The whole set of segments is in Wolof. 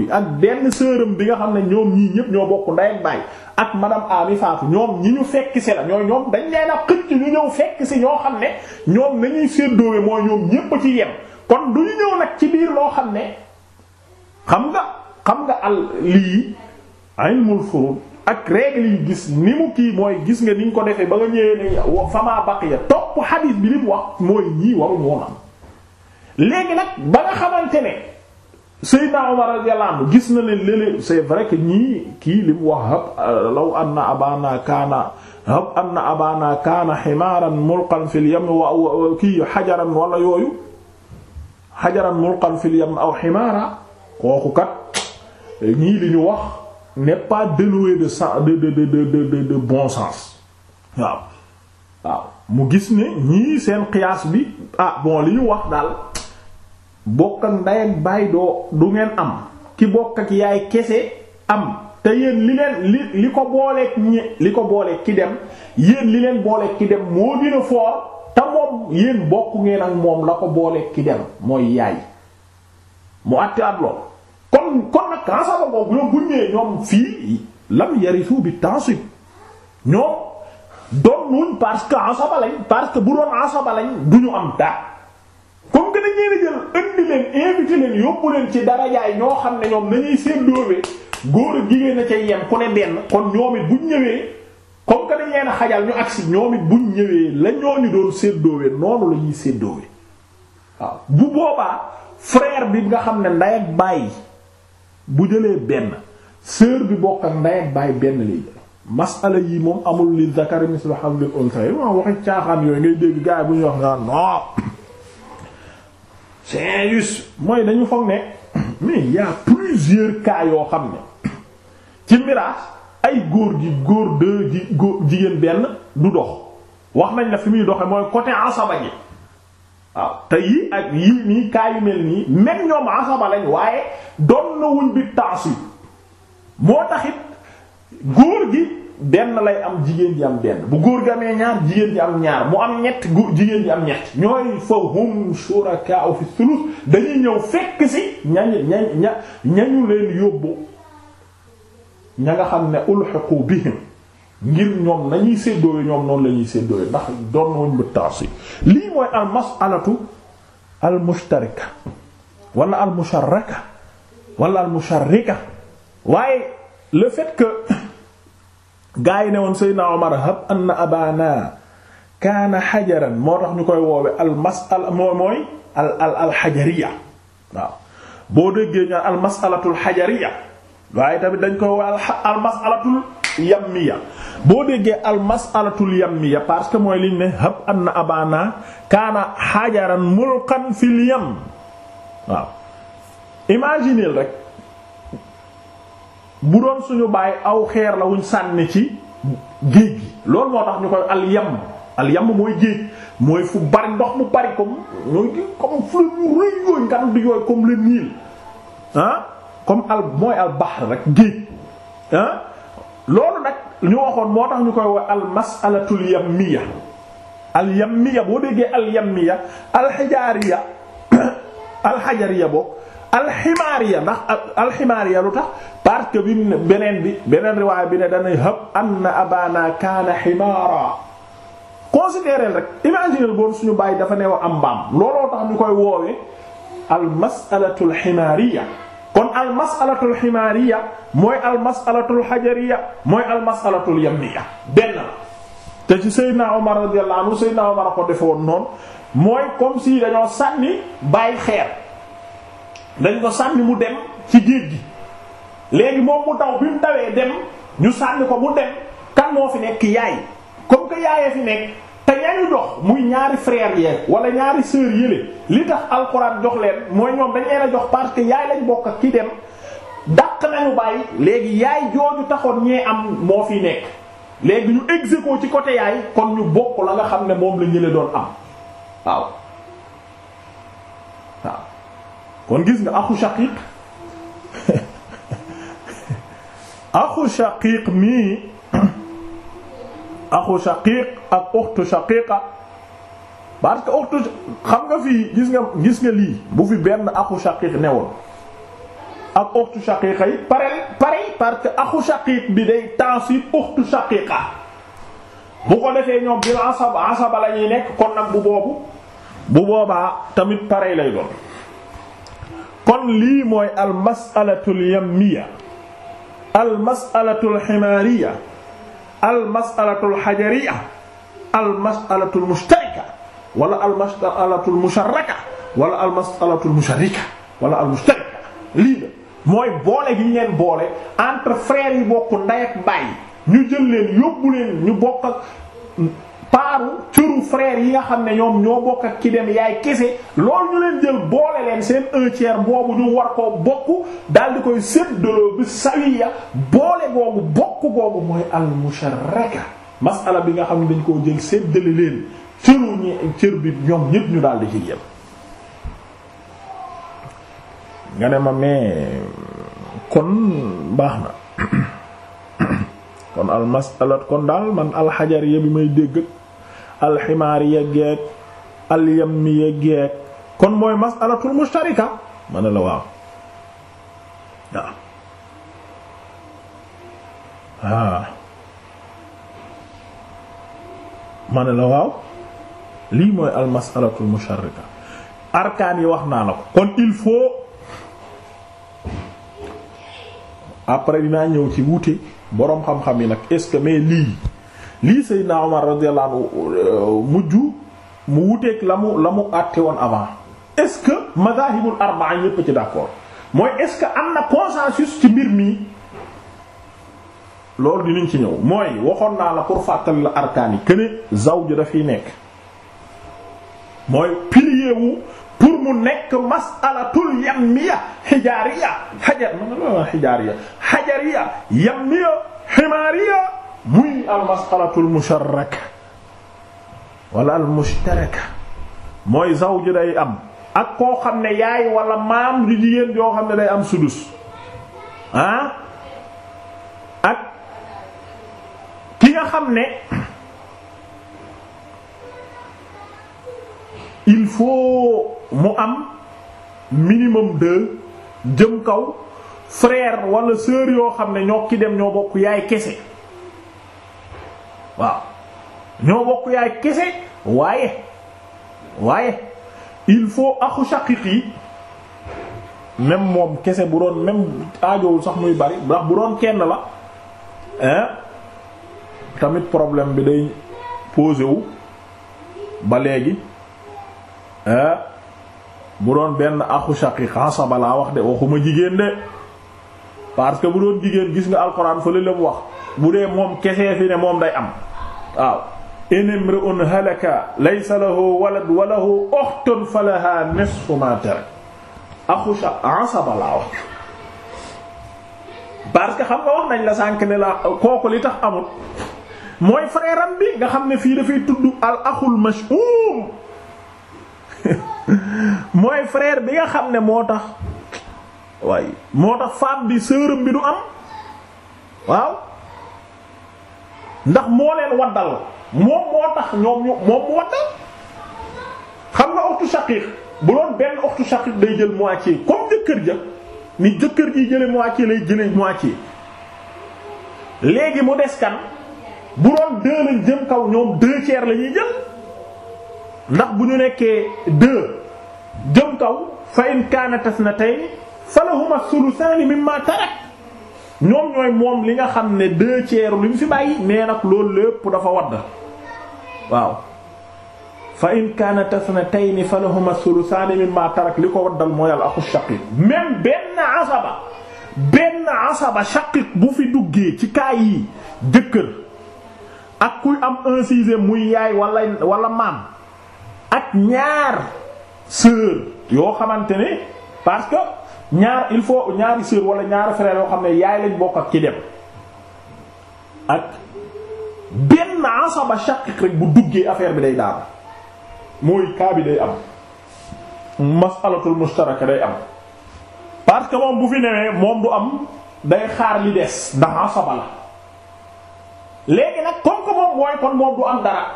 bi ak benn sëram bi nga xam ne ñoom ñii ñëpp ñoo bokk ndey ak baay ak madame Ami Fatou ñoom ñi ñu fekk si la ñooy ñoom dañ leen a xëcc ñu ñëw fekk si ñoo xam ne ñoom nañuy séddoowe mooy ñoom ñëpp ci yem kon du ñu ñëw nag ci biir loo xam ne xam nga xam nga al lii ilmul furud ak règle yi gis ni mu kii mooy gis nga niñ ko defee ba nga ñëwee ne fama baqiya topp xadiis bi li wax mooy ñii waruñu woon am léegi nag ba nga xamante ne Seydina Omar radiyallahu anhu gis na leen léeg-léeg c'est vrai que ñii kii li mu wax hab law anna abana kaana hab anna abana kaana ximaaran mulqan fil yam wa kii xajaran wala yooyu xajaran mulqan fil yam aw ximaara kooku kat ñii li ñu wax n'est pas dénué de de de de de bon sens waaw waaw mu gis ne ñii seen qiyaas bi ah bon li ñu wax daal. bokk ak ndey ak baay du ngeen am ki bokk ak yaay kese am te yéen li leen li li ko booleeg ñi li ko booleeg ki dem yéen li leen booleeg ki dem moo dina foor te moom yéen bokk ngeen ak moom la ko booleeg ki dem mooy yaay mu àtte at lool kon kon nag transaba boobu ñoom buñ ñoom fii lam yarisu bi tansib ñoom doon nuñ parce que asaba lañ parce que bu doon asaba lañ du ñu am daa comme que dañu jël indi leen invité leen yóbbu leen ci dara jaay ñoo xam ne ñoom nañuy séddoowe góor ak jigéen a cay yem ku ne benn kon ñoom buñ ñëwee comme que dañ leen a xajal ñu agsi ñoom buñ ñëwee la ñooñu doon séddoowe noonu la ñuy séddoowe waaw bu boobaa frère bi nga xam ne nday ak bàyyi bu jëlee benn sœur bi bokk ak nday ak bàyyi benn lay jël masala yi moom amul li zakari mislu hamlil unsay waaw waxi caaxaan yooyu ngay dégg gaay bu ñu wax ngaa c'est injuste mooy dañu foog ne mais il plusieurs cas yoo xam ne ci miraas ay góor gi góor deux gi jigéen benn du dox wax nañ la fi muy doxe mooy côté asaba ji waaw te yi ak yii nii cas mel nii même ñoom asaba lañ waaye doon na wuñ bi taas yi moo taxit góor gi benn lay am jigéen ji am benn bu góor gi amee ñaar jigéen ji am ñaar mu am ñett jigéen ji am ñett ñooy fa hum shurakaa'u fi sulus dañuy ñëw fekk si ñañu ñañu leen yóbbu ña nga xam ne ulhiqu bihim ngir ñoom nañuy séddooyu ñoom noonu la ñuy séddooyu ndax doon woñ bu taasi lii mooy al mas'alatu al mushtarika wala al musharraka wala waaye le fait que gaa yi ne woon Seydina Omar hab anna abana kaana xajaran moo tax ñu koy woowe al masala moo mooy al al al xajariya waaw boo déggee ñaan al masalatul xajariya waaye tamit dañ koy woowe al masalatul yammiya boo déggee al masalatul yammiya parce que mooy liñ ne hab anna abana kaana xajaran mulqan fil waaw imagineel rek bu doon suñu bàyyi aw xeer la wuñ sànni ci géej gi loolu moo tax ñu koy al yam al yam mooy géej mooy fu bari ndox mu bari comme mooy comme fleuve yu rëy yooyu nga xam di comme le Nil ah comme al mooy al bahr rek géej ah loolu nag ñu waxoon moo tax ñu koy wax al masalatul yammiya al yammiya boo déggee al yammiya al xijariya al xajariya boobu alximaariya ndax alximaariya lu tax parce que bi beneen bi beneen riwaay bi ne danay hëb anna abana kaana ximaara considéreel rek imagineel boon suñu bàyyi dafa neew am mbaam looloo tax ñu koy woowee almasalatu alximaariya kon almasalatu alximaariya mooy almasalatu alxajariya mooy almasalatu alyamniya benn la te ci Seydina Omar radiyallahu anhu Seydina Omar a ko defe woon noonu mooy comme si dañoo sànni bàyyi xeer dañ ko sànni mu dem ci géej gi léegi moom mu daw bi mu dawee dem ñu sànni ko mu dem kan moo fi nekk yaay comme que yaayee fi nekk te ñaari dox muy ñaari frère yee wala ñaari sœur yële li tax alxuraan jox leen mooy ñoom dañ leen a jox parce que yaay lañ bokk ak ki dem dàq nañu bàyyi léegi yaay jooju taxoon ñee am moo fi nekk léegi ñu exéco ci côté yaay kon ñu bokk la nga xam ne moom la ñële doon am waaw kon gis nga axu shaqiq axu shaqiq mii axu shaqiq ak uxtu shaqiqa parce que uxtu xam nga fi gis nga gis nga lii bu fi benn axu shaqiq newoon ak uxtu shaqiqa yi pareil pareil parce que axu shaqiq bi de tansib uxtu shaqiqa bu ko defee ñoom bi asaba asaba la ñuy nekk kon nag bu boobu bu boobaa tamit pareil lay doon kon lii mooy al masalatul yammiya al masalatul ximaariya al masalatul xajariya al masalatul mushtarika wala al masalatul musharraka wala al masalatul musharrika wala al mushtarika lii la mooy boole gi ñu leen boole entre frères yi bokk ndey ak baay ñu jël leen yóbbu leen ñu bokk ak paaru curu frère yi nga xam ne ñoom ñoo bokk ak ki dem yaay kese loolu ñu leen jël boole leen seen un tiers boobu ñu war koo bokk daal di koy séddaloo bi sawiya boole googu bokk googu mooy al masala bi nga xam ne dañ koo jël séddale leen cëru ñi cër bi ñoom ñépp ñu daal di ci jël. nga ne ma mais kon baax na kon al masalat kon daal man alxajar ya bi may dégg. alximaariya geek alyammiya geek kon mooy masalatul mushtarika ma ne la waaw waaw ma ne la waaw lii mooy al masalatul musharrika arkaan yi wax naa la ko kon il faut après dinaa ñëw ci wuti boroom xam-xam yi nag est-ce que mais lii lii Seydina Omar radiyallahu anhu euh, mujj mu wuteeg la mu la mu àtte woon avant est-ce que madahibul arba'a ñépp ci d'accord mooy est-ce que am na consensus ci mbir mi loolu di dinañ ci ñëw mooy waxoon naa la pour fàttali la arkaan yi këne zawj dafiy nekk mooy pilier pour mu nekk masalatul yammiya hijaariya hajar man la xijaariya hajariya yammiya himaariya muy almasxalatul musharraka wala almushtaraka mooy zawju day am ak koo xam ne yaay wala maam di jigéen yoo xam ne day am sudus ah ak ki nga xam ne il faut mu am minimum de jëm kaw frère wala sœur yoo xam ne ñoo ki dem ñoo bokk yaay kese waaw ñoo bokk yaay kese waaye waaye il faut axu shaqiq yi même moom kese bu doon même aajowul sax muy bari ndax bu doon kenn la hein tamit problème bi day posé wu ba léegi hein bu doon benn axu shaqiq asaba ah, laa wax de waxuma jigéen de parce que bu doon jigéen gis nga alxuraan fële la wax bu dee moom kese fi ne moom day am waaw in imri'un halaka laysa lahu walad wa lahu ukhtun falaha nisfu ma tarak akhu asaba laa wax parce que xam nga wax nañ la sànk ne la kooku li tax amul mooy frère bi nga xam ne fii dafay tudd al akhul mash'um mooy frère bi nga xam ne moo tax waaye moo tax femme bi sœuram bi du am waaw ndax moo leen waddal moom moo tax ñoom moom mu waddal xam nga uxtu shaqiq bu doon benn uxtu shaqiq day jël moitié comme jëkkër ja ni jëkkër ji jële moitié lay jële moitié léegi mu des kan bu doon deux jëm kaw ñoom deux tiers la jël ndax bu ñu nekkee deux jëm kaw fa in na tey falahuma thuluthani mimma tarak ñoom ñooy moom li nga xam ne deux tiers lu ñu fi bàyyi mais loolu lépp dafa wadd waaw fa in kaanat ithnatayni falahuma thuluthaani mimma tarak li ko waddal mooy al axu shaqiq benn asaba benn asaba shaqiq bu fi duggee ci kaa yi jëkkër ak kuy am un sixième muy yaay wala wala maam ak ñaar sœur yoo xamante ne parce ñaar il faut ñaari sœur wala ñaari frère yoo xam ne yaay lañ bokk ak ci dem ak benn asaba shaqiq rek bu duggee affaire bi day daal mooy cas bi day am masalatul mushtaraka day am parce que moom bu fi newee moom du am day xaar li des ndax asaba la léegi nag comme que moom mooy kon moom du am dara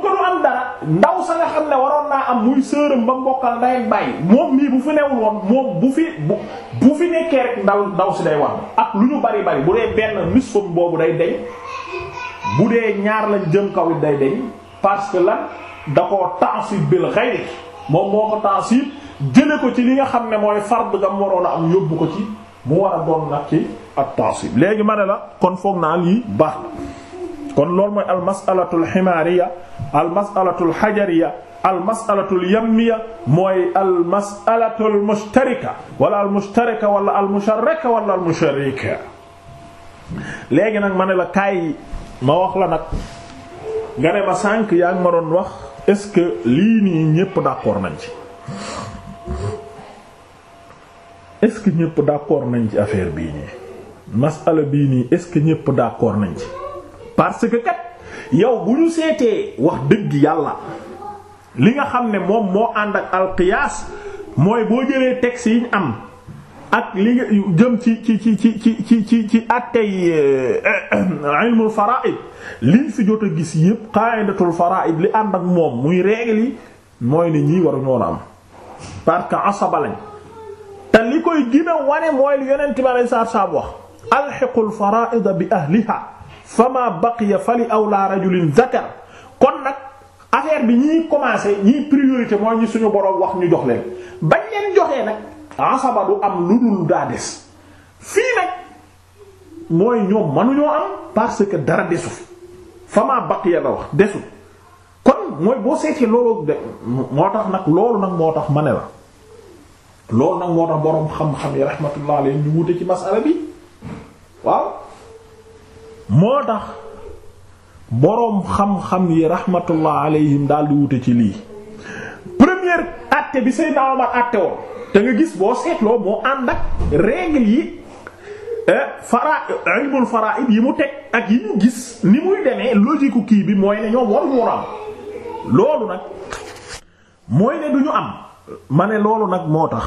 comme que du am dara ndaw sa nga xam ne waroon naa am muy sërëm ba mbokkal nday bàyyi moom mii bu fi newul woon moom bu fi bu bu fi nekkee rek ndaw ndaw si day war ak lu ñu bari bari bu dee benn nisfam boobu day deñ bu dee ñaar lañ jëm kaw it day deñ parce que lan da koo tansib bil ghayr moom moo ko tansib jële ko ci li nga xam ne mooy fard nga waroon a am yóbbu ko ci mu war a doon nag ci ak tansib léegi ma ne la kon foog naa lii baax kon loolu mooy almasalatul ximaariya almasalatul xajariya almasalatul yammiya mooy almasalatul mushtarika wala almushtarika wala almusharraka wala almusharrika léegi nag ma ne la kaay ma wax la nag nga ne ma sànq yaa ngi ma doon wax est-ce que lii nii ñépp d'accord nañ ci est-ce que ñépp d'accord nañ ci affaire bii nii masala bii nii est-ce que ñépp d'accord nañ ci parce que kat yow bu ñu seetee wax dëgg yàlla li nga xam ne moom moo ànd ak alqiyaas mooy boo jëlee teg yi ñu am ak li jëm ci ci ci ci ci ci ci ci attey euh, ilmul fara'id liñ fi jot a gis yëpp qa'idatul fara'id li ànd ak moom muy règle yi mooy ni ñii waruñoo na am parce que te li koy gën wane mooy li yonent bi alayhi wa salaam wax alhiqul bi ahliha fa baqiya fali awla rajulin zakar kon nag affaire bi ñi commencé ñi priorité mooy ñi suñu boroom wax ñu jox leen bañ leen joxee nag asaba du am lu dul daa des fii nag mooy ñoom mënuñoo am parce que dara desu fi fama baqiya la wax desu kon mooy boo seetee loolu de moo tax nag loolu nag moo tax ma ne la loolu nag moo tax boroom xam-xam yi rahmatullah alayhi ñu wute ci masala bi waaw moo tax boroom xam-xam yi rahmatullah alayhim daal di wute ci lii première àtte bi Seydina Omar àtte woon te nga gis boo seetloo moo ànd ak règle yi eh, fara ilmul fara'id yi mu teg ak yi ñu gis ni muy demee logique kii bi mooy ne ñoom waruñu am loolu nag mooy ne du ñu am ma ne loolu nag moo tax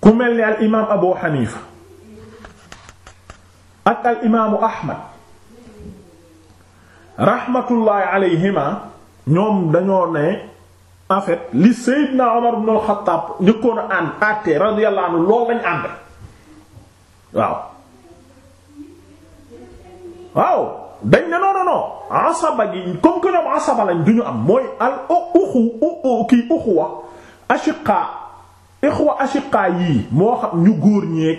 ku mel ni al imaam Abu Hanifa ak al imaamu ahmad rahmatullahi alayhima ñoom dañoo ne en fait li Seydina Omar ibn al-Khattab njëkkoon a ànd àtte radiyallahu anhu loolu lañ ànd waaw waaw dañ ne non asaba gi comme que ñoom asaba lañ du am mooy al uxu kii uxuwa ashiqa ixwa yii moo xam ñu góor ñeeg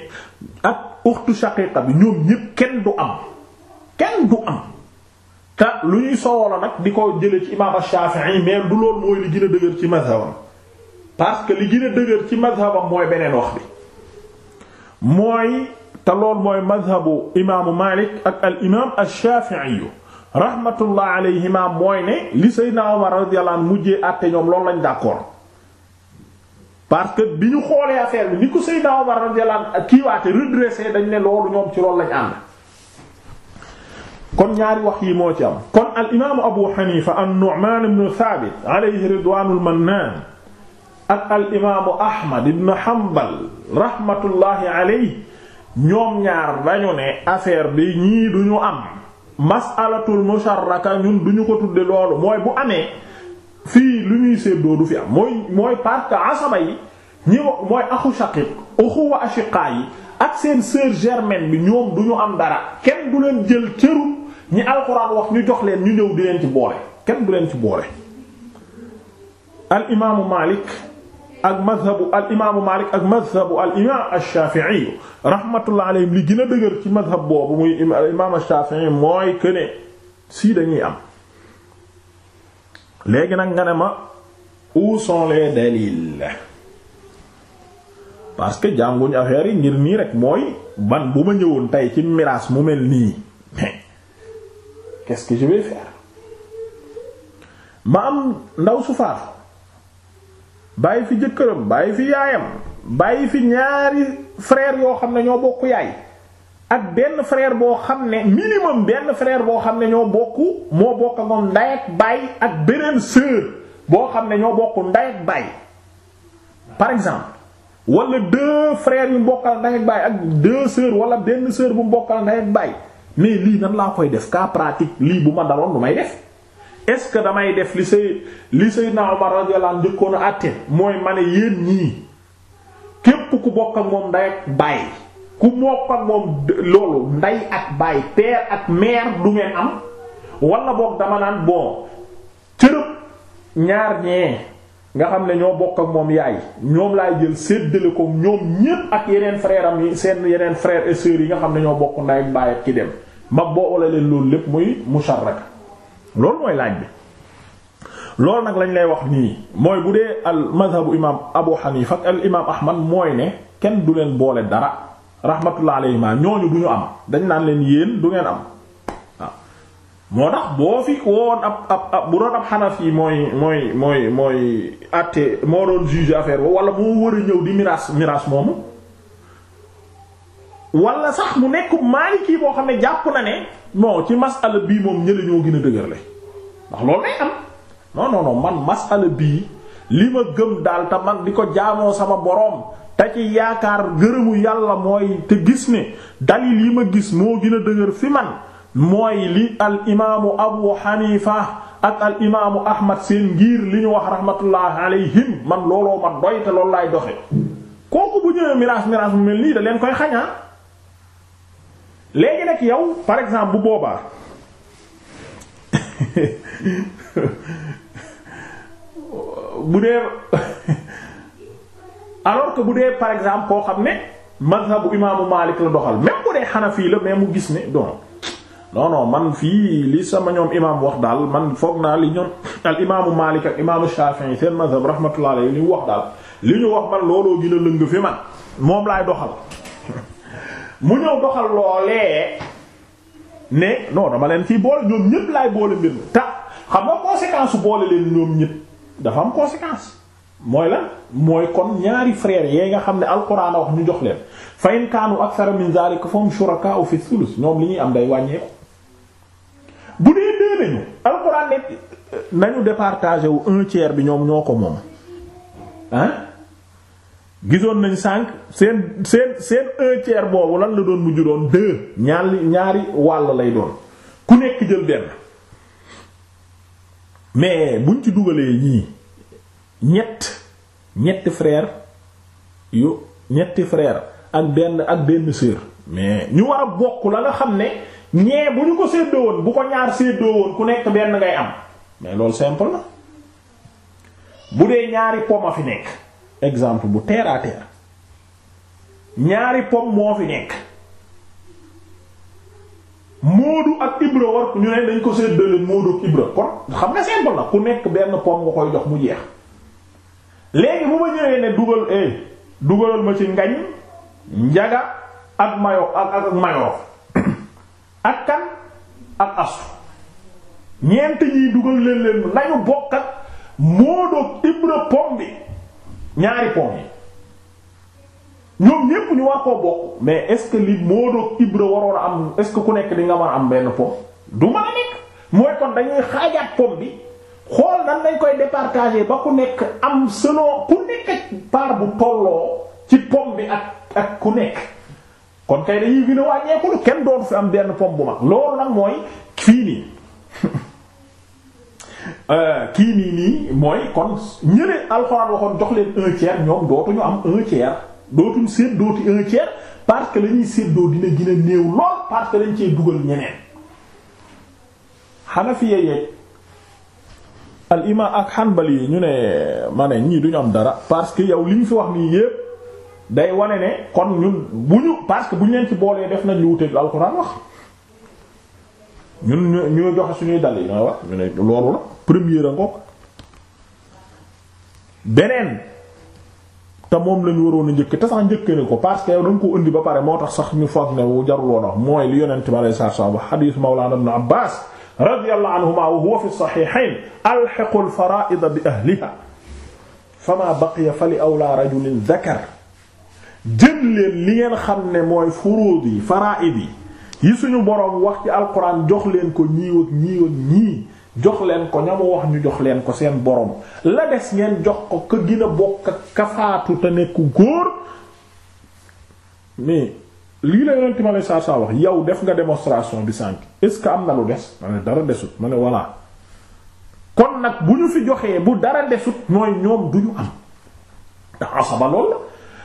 ak uxtu shaqiqa bi ñoom ñépp kenn du am kenn du am te lu ñuy sowolo nag di ko jële ci imaam Shafi'i mais du loolu mooy li gën a dëgër ci mazhabam parce li gën a dëgër ci mazhabam mooy beneen wax bi mooy te lool mooy mazhabu imaamu Malik ak al imaam Shafi'i rahmatullah alayhima mooy ne li Seydina Omar radiyallahu anhu mujjee àtte ñoom loolu lañ d'accord parce bi ñu xoolee affaire bi ni ko Seydina Omar radiyallahu anhu kiiwaate redressé dañ ne loolu ñoom ci loolu lañ ànd kon ñaari wax yii moo ci am kon al imaamu Abu Hanifa an-Nu'man ibn Thabit alayhi ridwanul mannan ak al imaamu Ahmad ibn Hanbal rahmatullahi alayhi ñoom ñaar dañu ne affaire bi ñii du ñu am mas'alatul musharraka ñun ñu ko tudde loolu mooy bu amee fii lu ñuy séddoo du fi am mooy mooy parce que asaba yi ñi wax mooy axu shaqiq uxuwa ashiqa yi ak seen sœur germaine bi ñoom du ñu am dara kenn du leen jël cëru ñi alxuraan wax ñu jox leen ñu ñëw di leen ci boole kenn du leen ci boole al imaamu Malik ak madhabu al imaamu Malik ak madhabu al imaam ash-Shafi'i rahmatullah alayhim li gën a dëgër ci madhab boobu muy imaam ash-Shafi'i mooy que ne dañuy am léegi nag nga ne ma où sont dalil parce que jànguñ affaire yi ngir nii rek mooy ban bu ma ñëwoon tey ci miraas mu mel nii mais qu'est-ce ma am ndaw su bàyyi fi jëkkëram bàyyi fi yaayam bàyyi fi ñaari frère yoo xam ne ñoo bokk yaay ak benn frère boo xam ne minimum benn frère boo xam ne ñoo bokk moo bokk ak moom nday ak baay ak beneen sœur boo xam ne ñoo bokk nday ak baay par exemple wala deux frères yu mbokkal nday ak baay ak deux sœurs wala benn sœur bu mbokkal nday ak baay mais lii nan laa koy def cas pratique lii bu ma daloon du may def est-ce que damay def li say li Seydina Omar radiyallahu anhu njëkkoon a àtte mooy ma ne yéen ñii képp ku bokk ak moom nday ak baay ku mook ak moom loolu nday ak baay père ak mère du ngeen am wala boog dama naan bon cërëb ñaar ñee nga xam ne ñoo bokk ak moom yaay ñoom laay jël séddale ko ñoom ñépp ak yeneen frère am yi seen yeneen frère et yi nga xam ne ñoo bokk nday ak baay ki dem ma boole leen loolu lépp muy musharraka loolu mooy laaj bi loolu nag lañ lay wax nii mooy bu dee al mazhabu imam Abu Hanifa ak al imam Ahmad mooy ne kenn du leen boole dara rahmatullah alayhima ñooñu du am dañ naan leen yéen du ngeen am waaw moo tax boo fi woon ab ab ab bu doon ab xanaf yi mooy mooy mooy mooy àtte moo doon juge affaire ba wala moo war a ñëw di miraas miraas moomu wala sax mu nekk maaliki boo xam ne jàpp na ne non ci masala bii moom ñële ñoo gën a dëgërle ndax loolu day am non non man masala bii li ma gëm daal te man di ko jaamoo sama boroom te ci yaakaar gërëmu yàlla mooy te gis ne dalil yi ma gis moo gën a dëgër fi man mooy li al imaamu abu hanifa ak al imaamu ahmad seen ngir li ñu wax rahmatullah alayhim man looloo ma doy te loolu laay doxe kooku bu ñëwee miraas miraas mu mel nii da leen koy xañaa léegi nag yow par exemple bu boobaa bu dee alors que bu dee par exemple koo xam ne mazhabu imaamu Maalik la doxal même bu dee Hanafi la mais mu gis ne don non man fii li sama ñoom imaam wax daal man foog naa li ñoom al imaamu Maalik ak imaamu Shafi'i seen mazhab rahmatullah alayhi li wax daal li ñu wax man looloo gën a lëng fi man moom laay doxal mu ñëw doxal loolee ne non dama leen fii boole ñoom ñëpp laay boole mbir ta xam nga conséquence boole leen ñoom ñëpp dafa am conséquence mooy la mooy kon ñaari frères yee nga xam ne alquran a wax ñu jox leen fa in kaanu ko min zalika fahum shurakaa'u fi thuluth ñoom li ñuy am day wàññeeku bu dee dee lañu alquran ne nañu départagé wu un bi ñoom ñoo ko moom ah gisoon nañ sànq seen seen seen un tiers boobu lan la doon mujju doon deux ñaari ñaari wàll lay doon ku nekk jël benn mais buñ ci dugalee yii ñett ñetti frère yu ñetti frère ak benn ak benn sœur mais ñu war a bokk la nga xam ne ñee bu ñu ko séddoo woon bu ko ñaar séddoo woon ku nekk benn ngay am mais loolu simple na bu dee ñaari pomme a fi nekk exemple bu terre à ñaari pomme moo fi nekk Moodu ak Ibra war ñu ne dañ ko séddale Moodu ak Ibra kon xam nga simple na ku nekk benn pomme nga koy jox mu jeex léegi bu ma ñëwee ne dugal eh dugalal ma ci ngañ njaga ak mayo ak ak mayo ak kan ak astu ñeent ñiy dugal leen leen nañu bokk ak Moodu Ibra pom bi ñaari pom yi ñoom ñépp ñu wax koo bokk mais est-ce que li Moodu Ibra waroon a am est-ce que ku nekk di nga war a am benn pom du nekk mooy kon dañuy xaajaat pom bi. xool nan lañ koy départager ba ku nekk am selon ku nekk part bu tolloo ci pom bi ak ak ku nekk kon kay dañuy gën a wàññeeku lu kenn doon fi am benn pom bu mag loolu nag mooy fii nii euh, kii nii nii mooy kon ñële alxuraan waxoon jox leen un tiers ñoom dootuñu am un tiers dootuñ seet dooti un tiers parce que la ñuy séddoo dina gën néew lool parce que lañ cee dugal ñeneen xanafiye al imam ak Hanbali yi ñu ne ma ne ñii duñu am dara parce que yow li ñu fi wax nii yépp day wane ne kon ñun bu ñu parce que bu ñu leen ci boolee def nañ lu wuteek lu alxuraan wax ñun ñu joxe suñuy dal yi wax ñu ne loolu la première ngoog beneen te moom lañu waroon a njëkk te sax njëkk ni ko parce que yow danga ko indi ba pare moo tax sax ñu foog ne wu jarul woon wax mooy li yonent bi sallallahu alayhi wasallam xadiis Mawlaana Ibn Abbaas radiyallahu anhuma wa huwa fi sahihayn alhiqu alfara'id bi ahliha fama baqiya fali awla rajulin dhakar jël leen li ngeen xam ne mooy furuud yi fara'id yi yi suñu boroom wax ci alquran jox leen ko ñiiw ak ñiiw ñii jox leen ko ña wax ñu jox leen ko seen boroom la des ngeen jox ko ka gën a bokk kafaatu te nekk góor lii la yonent ma saa saa wax yow def nga démonstration bi sànq est-ce que am na lu des ma ne dara desut ma ne voilà kon nag bu ñu fi joxee bu dara desut mooy ñoom du ñu am ndax lool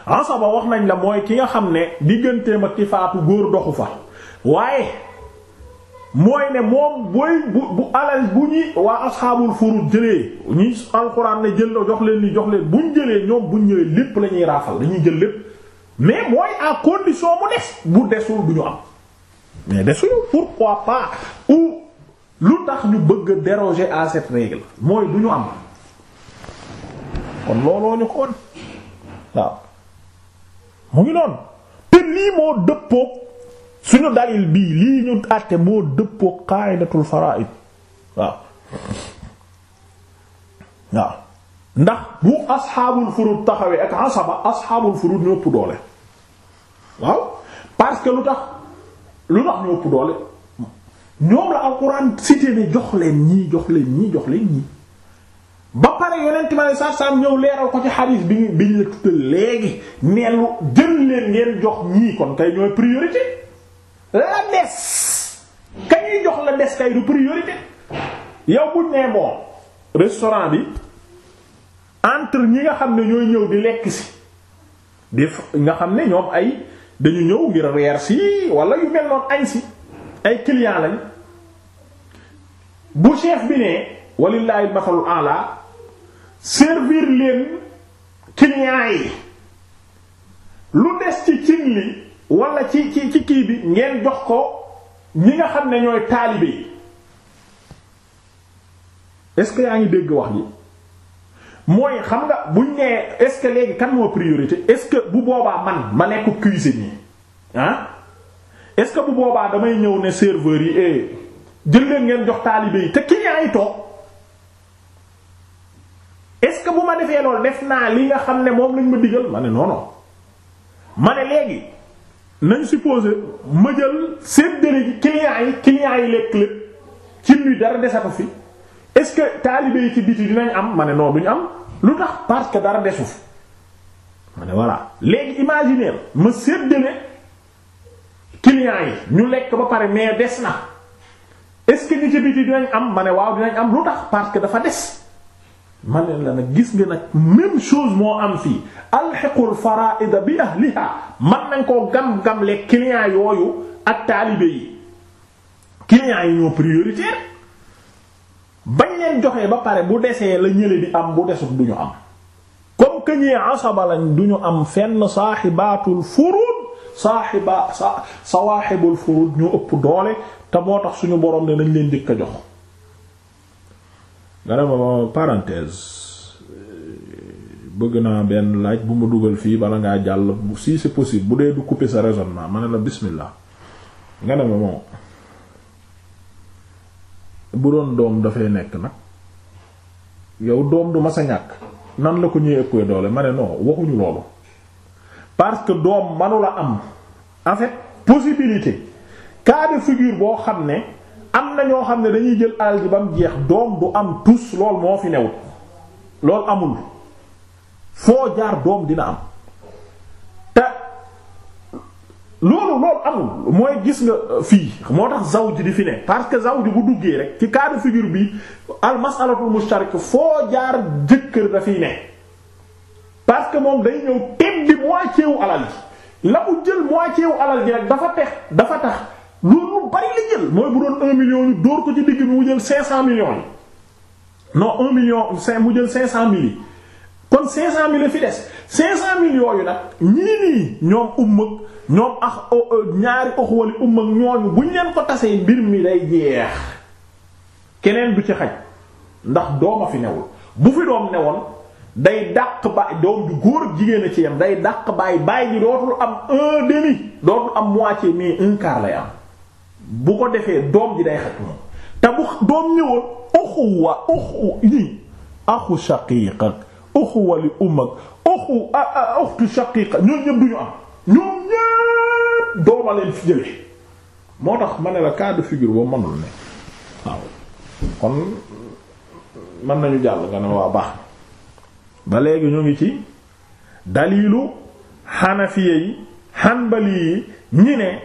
la asaba wax nañ la mooy ki nga xam ne digganteem ak ki faatu góor doxu fa waaye mooy ne moom booy bu bu alal bu ñuy waa asxaabul furud jëlee ñi alxuraan ne jël jox leen ni jox leen buñ jëlee ñoom buñ ñëwee lépp la ñuy raafal dañuy jël lépp. mais mooy à condition mu des bu desul du ñu am mais desuñu pourquoi pas ou lu tax ñu bëgg a déroger à cette règle mooy du ñu am kon looloo ñu ko woon waaw mu ngi noonu te lii moo dëppoog suñu dalil bii lii ñu àtte moo dëppoog qa'idatul fara'id waaw waaw ndax bu asxaabul furud taxawee ak asaba asxaabul furud ñu ëpp doole waaw parce que lu tax lu tax ñu ëpp doole ñoom la alxuraan cité ne jox leen ñii jox leen ñii jox leen ñii ba pare yonent ma ne sarsam ñëw leeral ko ci xadiis bi biñ la tuddal léegi nee lu jël leen ngeen jox ñii kon kay ñooy priorité la des kañuy jox la des kay du priorité yow buñ nee moom restaurant bi entre ñi nga xam ne ñooy ñëw di lekk si di nga xam ne ñoom ay dañu ñëw ngir reer si wala yu mel noonu añ si ay client lañ bu chef bi ne walillahi masalul ala servir leen client yi lu des ci cin li wala ci ci ci kii bi ngeen jox ko ñi nga xam ne ñooy taalibe yi est-ce que yaa ngi dégg wax ji mooy xam nga buñ nee est-ce que léegi kan moo priorité est-ce que bu boobaa man ma nekku cuisinier ah est-ce que bu boobaa damay ñëw ne serveur yi eh jël leen ngeen jox taalibe yi te client yi toog est-ce que bu ma defee loolu def naa li nga xam ne moom lañ ma digal ma ne non non ma ne léegi nañ supposé ma jël seen dérégli client yi client lekk lépp ci luy dara dese ko fi. est-ce que taalibe yi ci biti dinañ am ma ne non duñu am lu tax parce que dara desuf ma ne voilà léegi imaginer ma séddale clients yi ñu lekk ba pare mais des na est-ce que ñi ci biti dinañ am ma waaw dinañ am lu tax parce que dafa des. ma ne la nag gis nga nag même chose moo am fii alxiqul faraida bi ahliha man nañ koo gam-gamle clients yooyu ak taalibe yi clients yi ñoo prioritaire. bañ leen joxee ba pare bu desee la ñële di am bu desut du ñu am comme que ñee asaba lañ am fenn saaxibaatul furud saaxiba sa sawaaxibul furud ñu ëpp doole te moo tax suñu borom ne nañ leen njëkk a jox nga dema parenthèse bëgg naa benn laaj bu ma dugal fii bala ngaa jàll si c'est possible bu dee du couper sa raisonnement ma ne la bismillah nga dema moom bu doon doom dafay nekk nag yow doom du mas ñàkk nan la ko ñuy ëppee doole mane ne waxuñu loolu parce que doom manula am en fait possibilité cas de boo xam ne am na ñoo xam ne dañuy jël alal ji ba mu jeex doom du am tus lool moo fi newut loolu amul foo jaar doom dina am te loolu loolu amul mooy gis nga euh, fii moo tax zawj di fi ne parce que zawj bu duggee rek ci cas de bi al mas'alatul mushtarak foo jaar jëkkër dafay ne parce que moom day ñëw tebbi moitié wu alal ji la mu jël moitié wu alal ji rek dafa tex dafa tax loolu lu bari la jël mooy bu doon un million ñu dóor ko ci digg bi mu jël cinq cent million yi non un million mu jël cinq cent mille kon cinq cent mille fi des cent mille yooyu nag ñii nii ñoom umm ñoom ax ñaari oxwali umma ñooñu buñ leen ko tasee mbir mi day jeex keneen du ci xaj ndax dooma fi newul bu fi doom newoon day dàq baay doom du góor jigéen a ci yam day dàq baay baay ji dootul am un demi dootul am moitié mais un lay am bu ko defee doom ji day xaj moom te bu doom ñëwoon uxuwa uxu ñi axu shaqiq ak uxuwa li umm ak ñoom ñëpp duñu am dooma leen fi jële moo tax ma ne la cas de figure boobu ne waaw kon mën nañu jàll nga ne waa baax ba léegi ñu ngi ci dalilu xanafiye yi xanbali yi ñi ne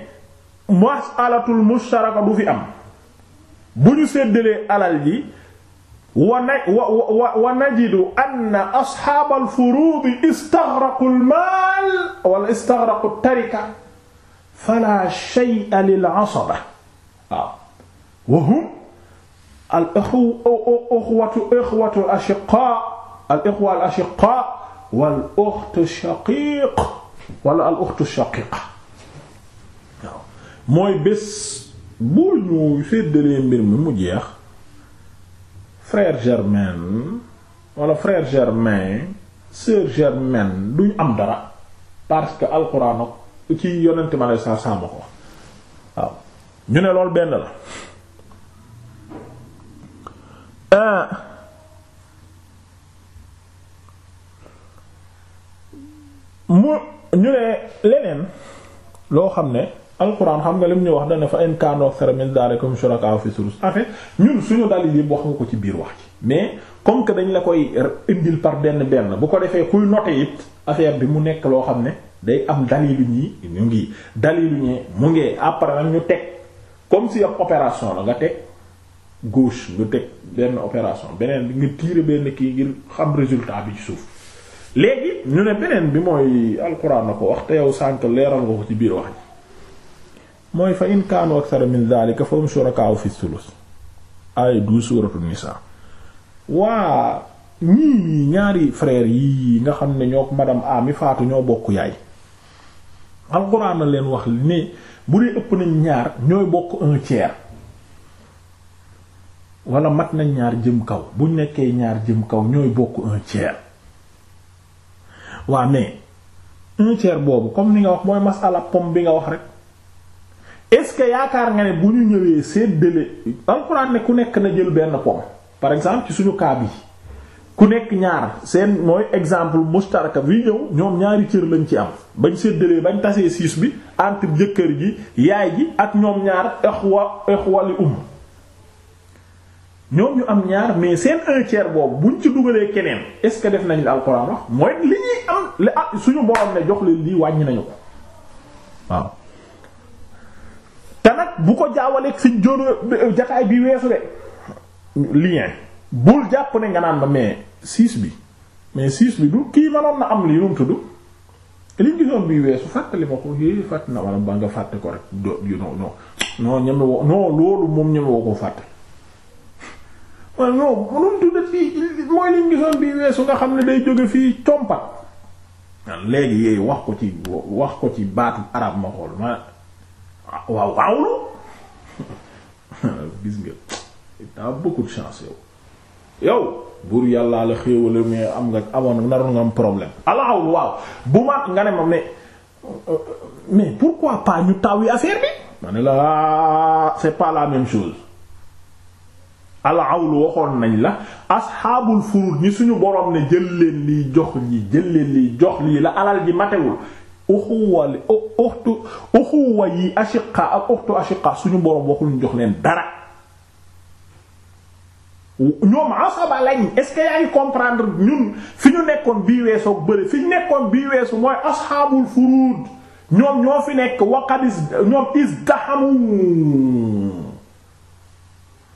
masalatul musharaka du fi am bu ñu séddalee alal ji wa na wa wa wa najidu anna asxaabal furuudi istaxraqu al maal wala istaxraqu fala shay'a lil asaba waaw wa hum al ixwatu ixwatu al ashiqaa al ixwa al ashiqaa wal uxtu shaqiiq wala al uxtu shaqiiqa waaw mooy bés bu ñu séddalee mbir mi mu jeex frère germain wala frère germain sœur germain duñ am dara parce que alxuraan ci yonent ma lay saa saama ko waaw ñu ne lool benn la mu ñu ne leneen loo xam ne alxuraan xam nga lim ñu wax dana fa in kaanu akthara min dhalikum shuraka fi sulus en fait ñun suñu dalil yi wax nga ko ci biir wax ci mais comme que dañ la koy indil par benn benn bu ko defee kuy noter it affaire bi mu nekk loo xam ne day am dalilu ñii ñu ngi dalilu ñee mu ngi après nag ñu teg comme si ab opération la nga teg gauche nga teg benn opération beneen bi nga tiire benn kii ngir xam résultat bi ci suuf léegi ñu ne beneen bi mooy alquran na ko wax te yow sànk leeral ko ci biir wax mooy fa in kaanu akthara min dhalika fa hum shurakaa'u fi thuluth ay du suratu nisa waa ñii ñaari frère yii nga xam ne ñoo madame a mi faatu ñoo bokk yaay alxuraan la leen wax ne bu dee ëpp nañ ñaar ñooy bokk un tiers wala mat nañ ñaar jëm kaw bu nekkee ñaar jëm kaw ñooy bokk un tiers waa mais un tiers boobu comme ni nga wax mooy masala pom bi nga wax rek est-ce que yaakaar nga ne bu ñu ñëwee séddale alxuraan ne ku nekk na jël benn pom par exemple ci suñu cas bi ku nekk ñaar seen mooy exemple mustaraka bi ñëw ñoom ñaari cër lañ ci am bañ séddalee bañ tasee siis bi entre jëkkër ji yaay ji ak ñoom ñaar exwa exwali um ñoom ñu am ñaar mais seen un boobu buñ ci dugalee keneen est ce que def nañ li alxuraan wax mooy li ñuy am li ah suñu borom ne jox leen lii wàññi nañu ko waaw te nag bu ko jaawaleeg fi joro jataay bi weesu de lien bul jàpp ne nga naan ma mais six bi mais six bi du kii manoon na am li ñu tudd liñ gisoon bii weesu fàttali ma ko yii fàtt na wala ba nga fàtte ko rek do non non non ñeme woo loolu moom ñeme ko fàtte. waaw non mënum tudd fii mooy liñ gisoon bii weesu nga xam ne day jóge fii compat léegi yéey wax ko ci wax ko ci baatu arab ma xool ma waaw waawlu gis nga t'as beaucoup de chance yow yow buur yàlla la xéewale mais am nga amoon naroon nga am problème alaawul waaw bu ma nga ne ma mais mais pourquoi pas ñu taw yi affaire bi ma ne la c'est pas la même chose alaawul waxoon nañ la asxaabul furud ñi suñu borom ne jël leen liy jox lii jël leen liy jox lii la alal ji matewul uxuwa li uxtu uxuwa yi ashiqa ak uxtu ashiqa suñu borom waxul ñu jox leen dara ñoom asaba lañ est-ce que yaa ngi comprendre ñun fi ñu nekkoon bii weesu ak fi ñu nekkoon bii weesu mooy asxaabul furuud ñoom ñoo fi nekk waqad is ñoom isdahamu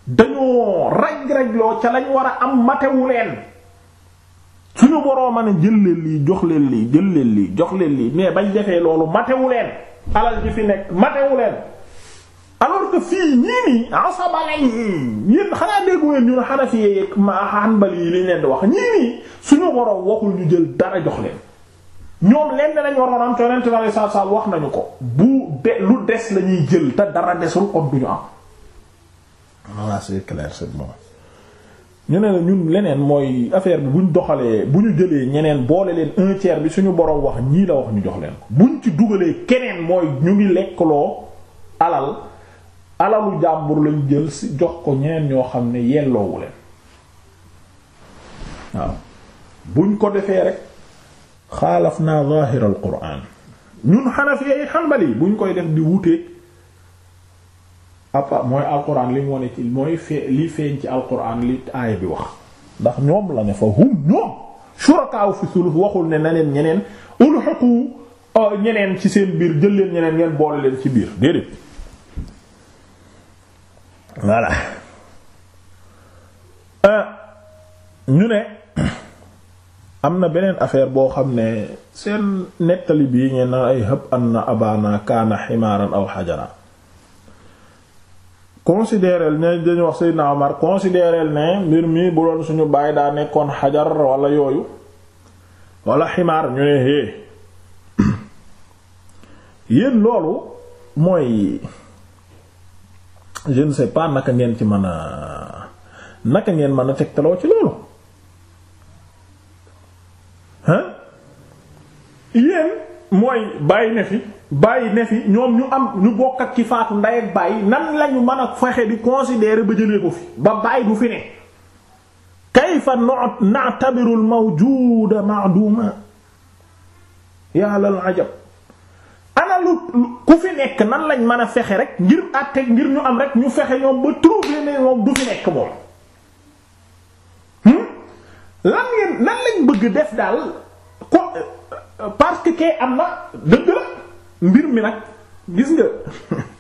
dañoo raj-rajloo ca lañ war a am matewu leen suñu borooma ne jël leen lii jox leen lii jël leen lii jox leen lii mais bañ defee loolu matewu leen alal ji fi nekk matewu leen alors que fii ñii nii asaba lañ yéen yi ak leen wax ñii nii suñu boroom waxul ñu jël dara jox leen ñoom lenn lañ waroon am coono wax nañu ko bu de lu des la ñuy jël te dara desul kon duñu am. voilà c'est clair c'est bon ñu ne ñun leneen mooy affaire bi buñ doxalee bu ñu jëlee ñeneen boole leen un tiers bi suñu boroom wax ñii la wax ñu jox leen buñ ci dugalee keneen mooy ñu ngi lekkloo alal. alalu jàmbur lañu jël si jox ko ñeneen ñoo xam ne yelloowu leen waaw buñ ko defee rek xaalaf naa zaahir al quraan ñun xanafiya yi xanbali buñ koy def di wuteeg apa mooy al quraan li mu wane ci mooy fee li feeñ ci al quraan li aaya bi wax ndax ñoom la ne fa hum ñoom shurakaaw fi sulus waxul ne na leen ñeneen ulhuqu euh, ñeneen ci seen biir jël leen ñeneen ngeen boole leen ci biir déedéet voilà euh, ñu ne am na beneen affaire boo xam ne seen nettali bii ngeen na ay hëb anna abana kaana ximaaran aw xajara considéreel dañu wax Seydina Omar considéreel ne mbir mi bu doon suñu baay daa nekkoon xajar wala yooyu wala ximaar ñu ne é yéen loolu mooy je ne sais pas naka ngeen ci mën a naka ngeen mën a tegtaloo ci loolu hein yéen mooy bàyyi ne fi bàyyi ne fi ñoom ñu am ñu bokk ak ki faatu ndey ak bàyyi nan lañu mën a fexe di considérer ba jëlee ko fi ba bàyyi du fi ne kayfa na'tabiru al-mawjuda ma'duma ya lal ajab ku fi nekk nan lañ mën a fexe rek ngir àtte ngir ñu am rek ñu fexe ñoom ba trouver ne moom du fi nekk moom hmm? lan ngeen lan lañ bëgg def daal ko parce que am na dëgg la mbir mi nag gis nga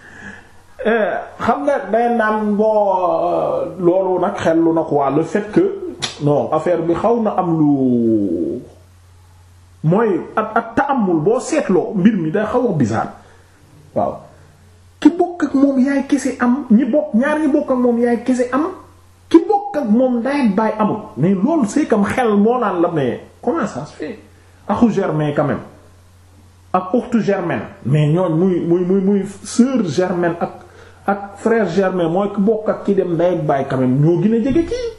eh, xam nga day naan boo euh, loolu nag xel lu nag waa le fait que non affaire bi xaw na am lu mooy at at taamul boo seetloo mbir mi day xaw a bizarre waaw ki bokk ak moom yaay kese am ñi bokk ñaar ñi bokk ak moom yaay kese am ki bokk ak moom ndayet baay amul mais loolu c'est xel moo naan la mais comment ça ak uxtu germaine mais ñooñ muy muy muy muy sœur germaine ak ak frère germain mooy ki bokk ak ki dem ndayet baay quand même ñoo gën a jege kii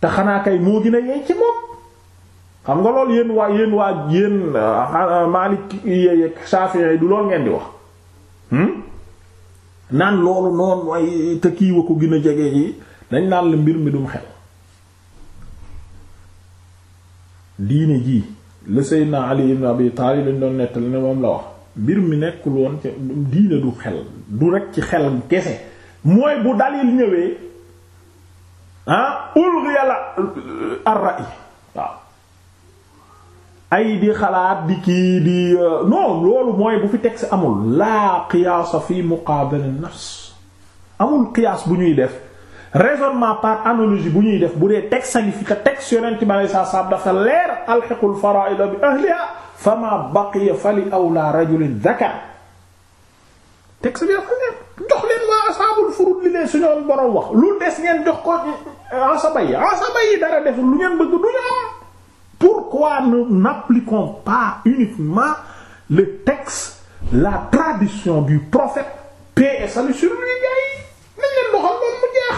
te xanaa kay moo gën a yey ci moom xam nga lool yéen waa yéen waa yéen ah, ah, Maalik yeeg Shaafi'i du lool ngeen di wax Hmm? naan loolu noonu waaye te kiiwa ko gën jege yi dañ naan la mbir mi dum xel diine ji la Seydina Ali ibn Abi Taalib lañ doon nettali ne moom la wax mbir mi nekkul woon ca diine du xel du rek ci xelam kese mooy bu dalil ñëwee ah ulghiya la ar ay di xalaat bi kii di euh, non loolu mooy bu fi texte amul la qiyaasa fi muqaabal nafs amul qiyaas bu ñuy def raisonnement par analogie bu ñuy def bu dee texte a ngi fi te texte yonent bi alayhi salaam dafa leer alxiqul faraa'ida bi ahliha fama baqiya fali awla rajulin dhakar texte bi dafa leer jox leen waa asaabul furud li leen suñu borom lu des ngeen jox ko eh, asaba yi dara def lu ngeen bëgg duñu pourquoi nous n'appliquons pas uniquement le texte la tradition du prophète paix et salut sur lui gars yi nañ leen doxal moom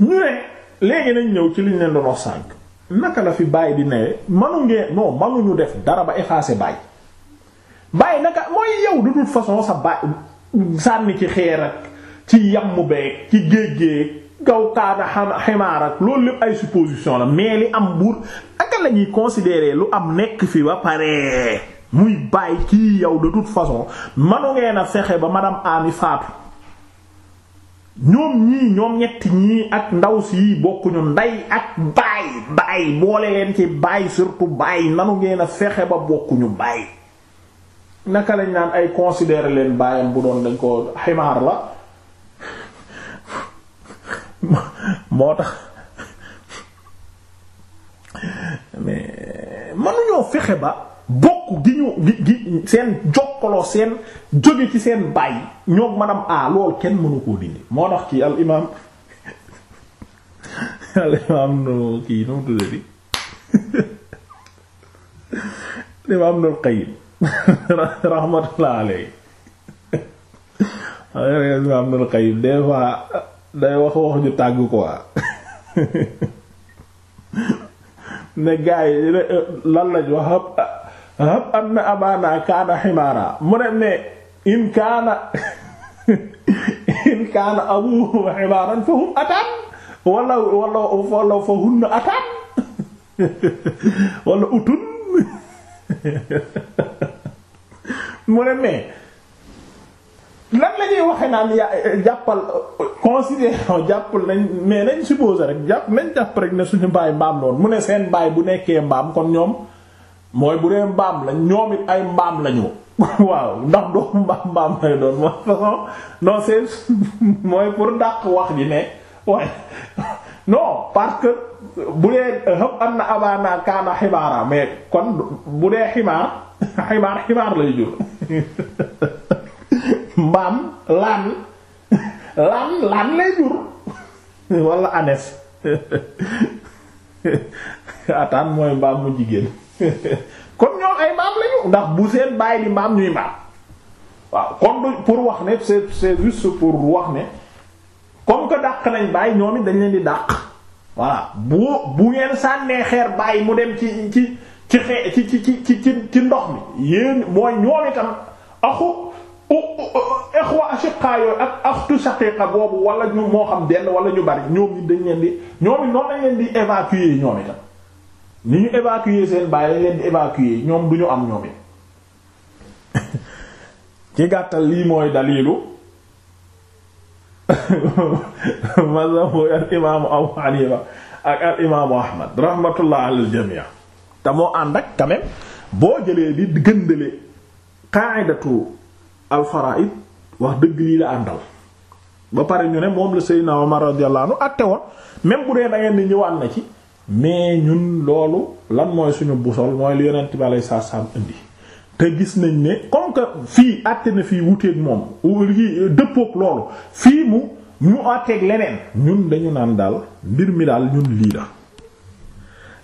mu jeex ñu ne léegi nañ ñëw ci liñ leen doon wax sànq naka la fi bàyyi di newee manu ngeen non manuñu def dara ba effacer bàyyi bàyyi naka mooy yow de toute façon sa bàyyi sànni ci xeer ak ci yammu beeg ci géej kaw kaata ximaar ak loolu lépp ay supposition la mais li am buur aka la ñuy considérer lu am nekk fi ba pare muy bàyyi kii yow de toute façon manu ngeen a ba madame Ami faatu ñoom ñii ñoom ñetti ñii ak ndaw si bokkuñu ndey ak baay baay boole leen ci baay surtout baay nanu ngeen sexe ba bokkuñu baay naka lañ naan ay considérer leen baayam bu doon dañ ko ximaar la moo tax mais mënuñoo fexe ba bokk gi ñu gi gi seen jokkaloo seen jóge ci seen bàyyi ñoo maanaam a lool kenn mënu koo dindi moo tax kii al imaam al imaam no kii nu mu tuddee di al imaam Ibnul Qayyim rahmatullah alayhi al imaam Ibnul Qayyim des fois day wax wax ju tàgg quoi ne gars yi euh, lan lañ wax hab hab am na abana kaana ximaara mu ne ne in kaana in kaana abuhu ximaaran fa hum ataan wala wala wala fa hunna ataan wala utun mu ne ne ñuy waxe naan ya jàppal considérons jàppal nañ mais nañ supposé rek jàpp nañ jàpp rek ne suñu baay mbaam loon mu ne seen baay bu nekkee mbaam kon ñoom mooy bu dee mbaam lañ ñoom it ay mbaam lañu waaw ndax doomu mbaam mbaam lay doon mooy façon non c'est mooy pour dàq wax ji ne waaye parce que bu dee xëpp am na abaana kaana xibaara mais kon bu dee ximaar ximaar ximaar lay mbaam laan laan laan lay jur wala anes ataan mooy mbaam mu jigéen kon ñoo ay mbaam lañu ndax bu seen bàyyi di mbaam ñuy mbaam waaw kon du pour wax ne c'est c'est juste pour wax ne comme que dàq nañ bàyyi ñoom it dañ leen di dàq voilà bu bu ngeen sànnee xeer bàyyi mu dem ci ci ci ci ci ci ci ci ndox mi yéen mooy ñoom itam axu exwa ashiqa yooyu ak axtu shaqiqa boobu wala ñu moo xam benn wala ñu bari ñoom yi dañ leen di ñoom it noonu lañ leen di évacuer ñoom itam ni ñu évacuer seen bàyyi leen di évacuer ñoom du ñu am ñoom it ci gàttal lii mooy dalilu mazhabu al imaamu Abu Hanifa ak al imaamu Ahmad rahmatullah alal jamii te moo ànd ak quand boo jëlee di gëndale qaidatu alfaraid wax dëgg lii la àndal ba pare ñu ne moom la Seydina Omar radiyallahu anhu àtte woon même bu dee da ngeen ni ñëwaat na ci mais ñun loolu lan mooy suñu busol mooy li yonent bi alayhi salaam indi te gis nañ ne comme que fii àtte na fii wuteeg moom dëppook loolu fii mu mu àtteeg leneen ñun dañu naan daal mbir mi daal ñun lii la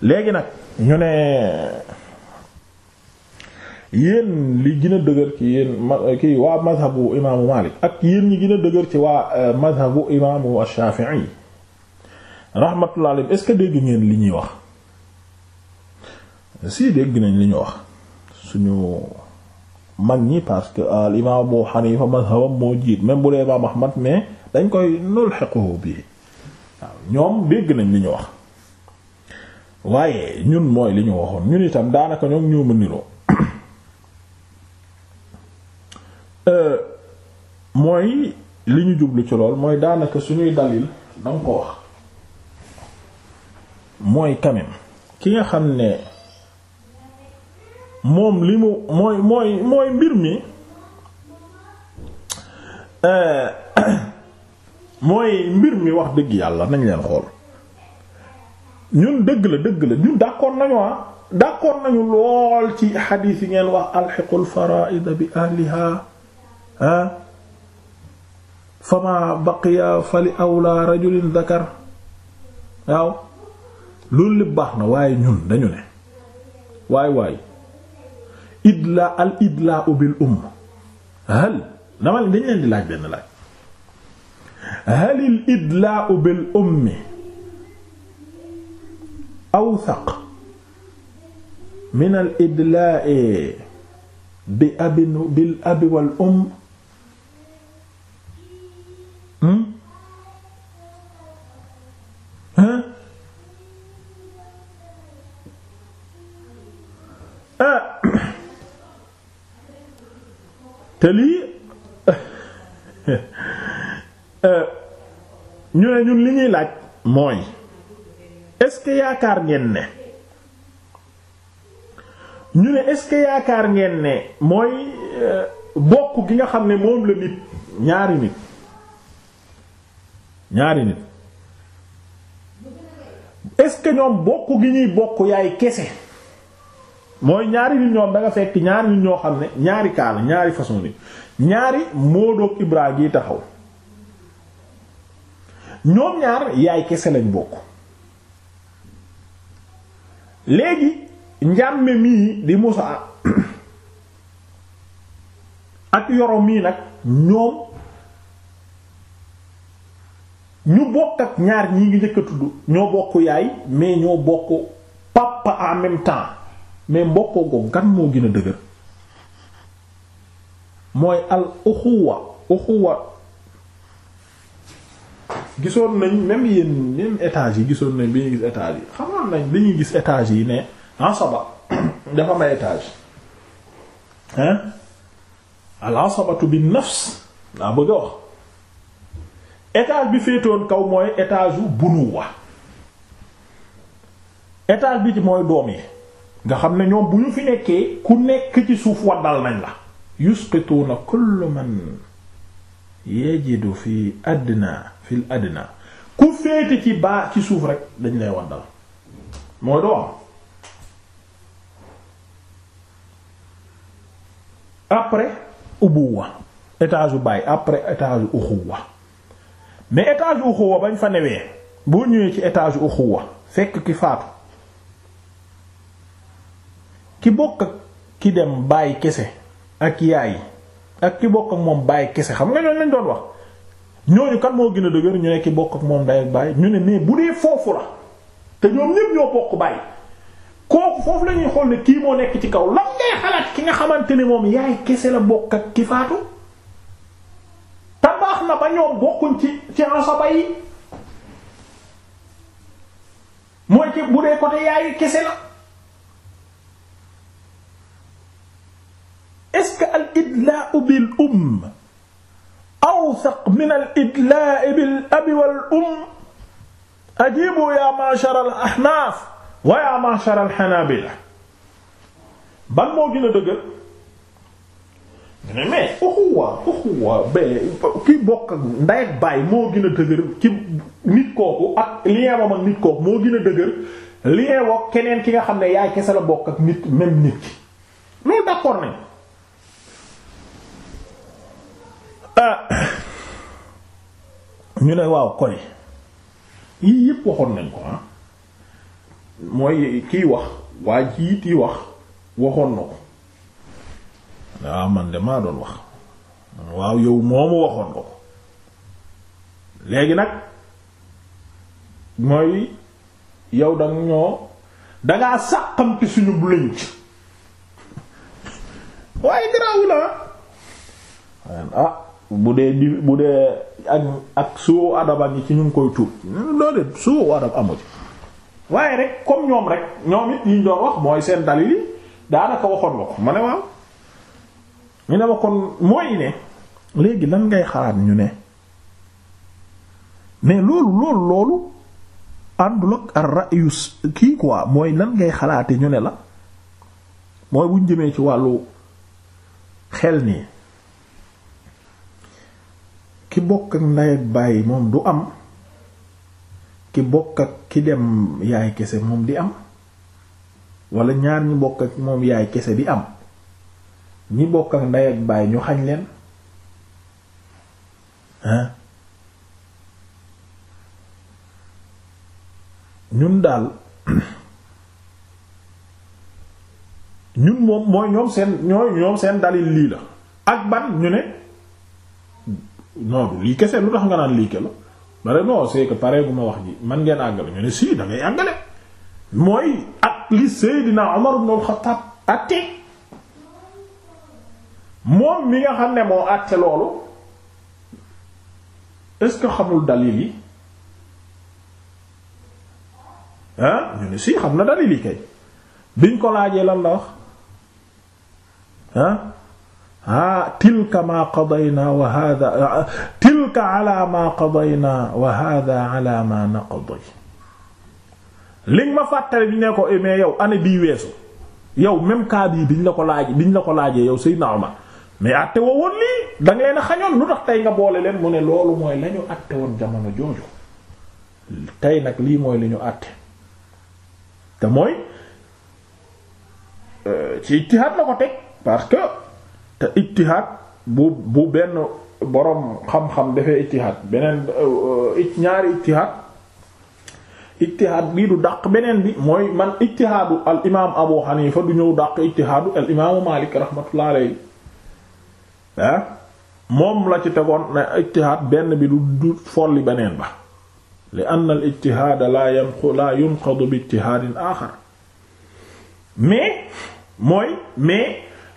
léegi nag ñu ne yéen li gën a dëgër ci yéen ma kii waa mazhabu imaamu Maalik ak yéen ñi gën dëgër ci waa euh, mazhabu imaamu Shaafi'i rahmatullahi alayhi est-ce que dégg ngeen li ñuy wax si dégg nañ li ñu wax suñu mag ñi parce que al imaam Abu Hanifa mazhabam moo jiit même bu dee imaam Ahmad mais dañ koy nulhiquhu bi waaw ñoom dégg nañ li ñu wax waaye ñun mooy li ñu waxoon ñun itam daanaka ñoom ñoo ma mooy li ñu jublu ci lool mooy daanaka suñuy dalil danga ko wax mooy quand même ki nga xam ne moom li mu mooy mooy mooy mbir mi euh, mooy mbir mi wax dëgg yàlla nañ leen xool ñun dëgg la dëgg la ñun d'accord nañu ah d'accord nañu lool ci xadiis yi ngeen wax alxiqul faraida bi ahliha ah fama baqiya fali awla rajulin dakar waaw loolu lépp baax na waaye ñun dañu ne waay waay idla al idla bil umm hal dama dañ leen di laaj benn laaj hal al idla bil ummi awthaq min al idla bi abi bil abi wal umm Ah. te lii euh, ñu ne ñun li ñuy laaj mooy est-ce yaakaar ngeen ne ñu ne est yaakaar ngeen ne mooy euh, bokk gi nga xam ne moom la nit ñaari nit ñaari ce que ñoom bokk gi ñuy bokk yaay kese mooy ñaari nit ñoom da fekk ñaari nit ñoo xam ne ñaari kaala ñaari façon nit ñaari moodoog Ibra gi taxaw ñoom ñaar yaay kese lañ bokk léegi njàmme mii di Musaa ak yoro mii nag ñoom ñu bokk ak ñaar ñii ngi jëkk a tudd ñoo bokk yaay mais ñoo bokk papa en même temps mais mbokkoo ko gan moo gën a dëgër mooy al uxuwa uxuwa gisoon nañ même yéen étage yi gisoon nañ bi ñuy gis étage yi xamoon nañ li ñuy gis étage yi ne asaba dafa may étage hein al asabatu nafs laa bëgg a wax étage bi féetoon kaw mooy étage u bunuwa étage bi ci mooy doom yi nga xam ne ñoom bu ñu fi nekkee ku nekk ci suuf waddal nañ la yusqituuna kullu man yajidu fi adna fil adna ku féete ci baa ci suuf rek dañ lay waddal mooy doom après ubuwa étage u baay après étage u uxuwa mais étage uxuwa bañ fa newee boo ñëwee ci étage uxuwa fekk ki faatu ki bokk ak ki dem bàyyi kese ak yaay ak ki bokk ak moom bàyyi kese xam nga ñooñu lañ doon wax ñooñu kan moo gën a dëgër ñu ne ki bokk ak moom day bàyyi ñu ne mais bu dee foofu la te ñoom ñépp ñoo bokk bàyyi kooku foofu la ñuy xool ne kii moo nekk ci kaw lan ngay xalaat ki nga xamante ni moom yaay kese la bokk ak ki faatu. dem na ba ñoom bokkuñ ci ci asaba yi mooy ci bu dee côté yaayu kese la est-ce que al idlaa'u bil umm awthaq min al idlaa'i bil abi wal umm ajibu ya ma'shar al ahnaaf wa ya ma'shar al hanaabila ban moo gën a dëgg ne mais uxuwa uxuwa ba ki bokk ak ndey ak baay moo gën a dëgër ci nit kooku ak lien wam ak nit kooku moo gën a dëgër lien wam keneen ki nga xam ne yaay kese la bokk ak nit même nit ki loolu d'accord nañ ah. ñu ne waaw kon yii yépp waxoon nañ ko ah. mooy kiy wax waa jiit yi wax waxoon na ko waaw man de maa doon wax waaw yow moomu waxoon ko léegi nag mooy yow danga ñoo dangaa sàqamti suñu lënc waaye garaawul ah bu dee di bu dee ak ak soo ni ci ñu ngi koy tuub loolu de soo adab amu ci waaye rek comme ñoom rek ñoom it ñu doon wax mooy seen dalil yi daanaka waxoon la ko ma ñu ne ma kon mooy ne léegi lan ngay xalaat ñu ne mais loolu loolu loolu àndul ak ar-ra'yu kii quoi mooy lan ngay xalaate ñu ne la mooy buñ jëmee ci wàllu xel nii ki bokk ak ndey ak bàyyi moom du am ki bokk ak ki dem yaay kese moom di am wala ñaar ñi bokk ak moom yaay kese bi am ñi bokk ak ndey ak baay ñu xañ leen hein ñun daal ñun moom mooy ñoom seen ñooy ñoom seen dalil lii la ak ban ñu ne non lii kese lu tax nga naan lii ke la bare non c'est que pare bu ma wax ji man ngeen àggale ñu ne si da àggale mooy ak li Seydina Omar ibn al-Khattab ate moom mi nga xam ne moo àtte loolu est-ce que xamul dalil yi ah ñu ne si xam na dalil yi kay biñ ko laajee la wax ah, ah ah tilka maa qadayna wa hada tilka ala maa wa hada ala ma naqdi li nga ma fàttali bi ne ko eh, mais yow année bii weesu yow même cas bii biñ la ko bi biñ la ko laajee yow Seydina Omar mais àtte woo woon lii danga leen a xañoon lu tax tey nga boole leen mu ne loolu mooy lañu àtte woon jamono jooju tey nag lii mooy li ñu àtte te mooy euh, ci ijtihaad la ko teg parce que te ijtihaad bu bu benn boroom xam-xam dafee ijtihaad beneen euh, ñaari ijtihaad ijtihaad bii du dàq beneen bi mooy man ijtihaadu al imaam Abu Hanifa du ñëw dàq ijtihaadu al imaamu Maalik rahmatullahi moom la ci tegoon na ijtihaad benn bi du du folli beneen ba li anna al ijtihaad la yanqu la yunqadu bi ijtihaadin aaxar mais mooy mais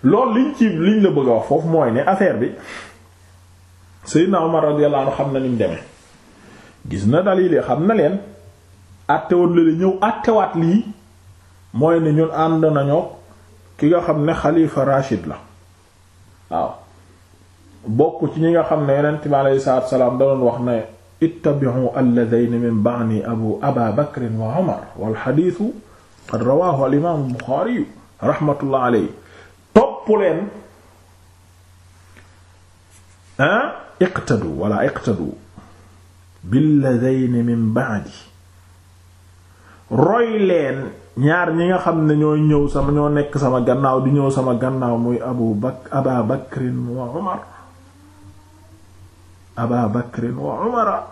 loolu liñ ci liñ la bëgg a foofu mooy ne affaire bi Seydina Omar radiyallahu anhu xam na niñ demee gis na dalil yi xam na leen àttewoon la ñëw àttewaat lii mooy ne ñun ànd nañoo ki nga xam ne xalifa Rashid la waaw bokk ci ñi nga xam ne yonent bi salaam da wax ne ittabi'u alladhayni min ba'di abu aba bakr wa wal hadith qad ah, ñaar ñi nga xam ne ñoo ñëw sama ñoo nekk sama gannaaw di ñëw sama gannaaw muy abu bak aba bakrin wa umar aba bakrin wa umara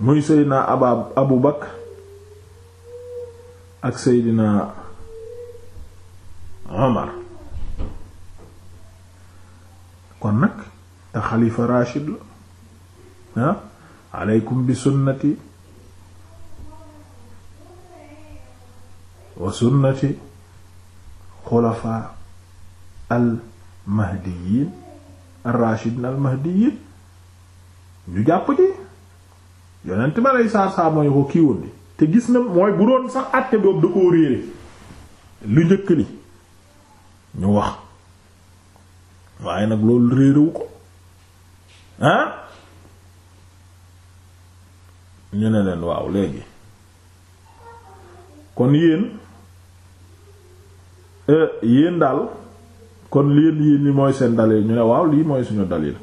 muy seydina aba abu bakr ak seydina umar kon nag te xalifa rachid la ah, aleykum bi sunnati wa sunnati xulafa al mahdiyin ar-Rashid al-Mahdi yi ñu jàpp ci yonent ma lay saar saar mooy ko kii woon te gis na mooy bu doon sax àtte boobu da koo réere lu njëkk li ñu wax waaye nag loolu réerewu ko ah ñu ne leen waaw léegi kon yéen euh, yéen daal kon lii lii ni mooy seen dalil ñu ne waaw lii mooy suñu dalil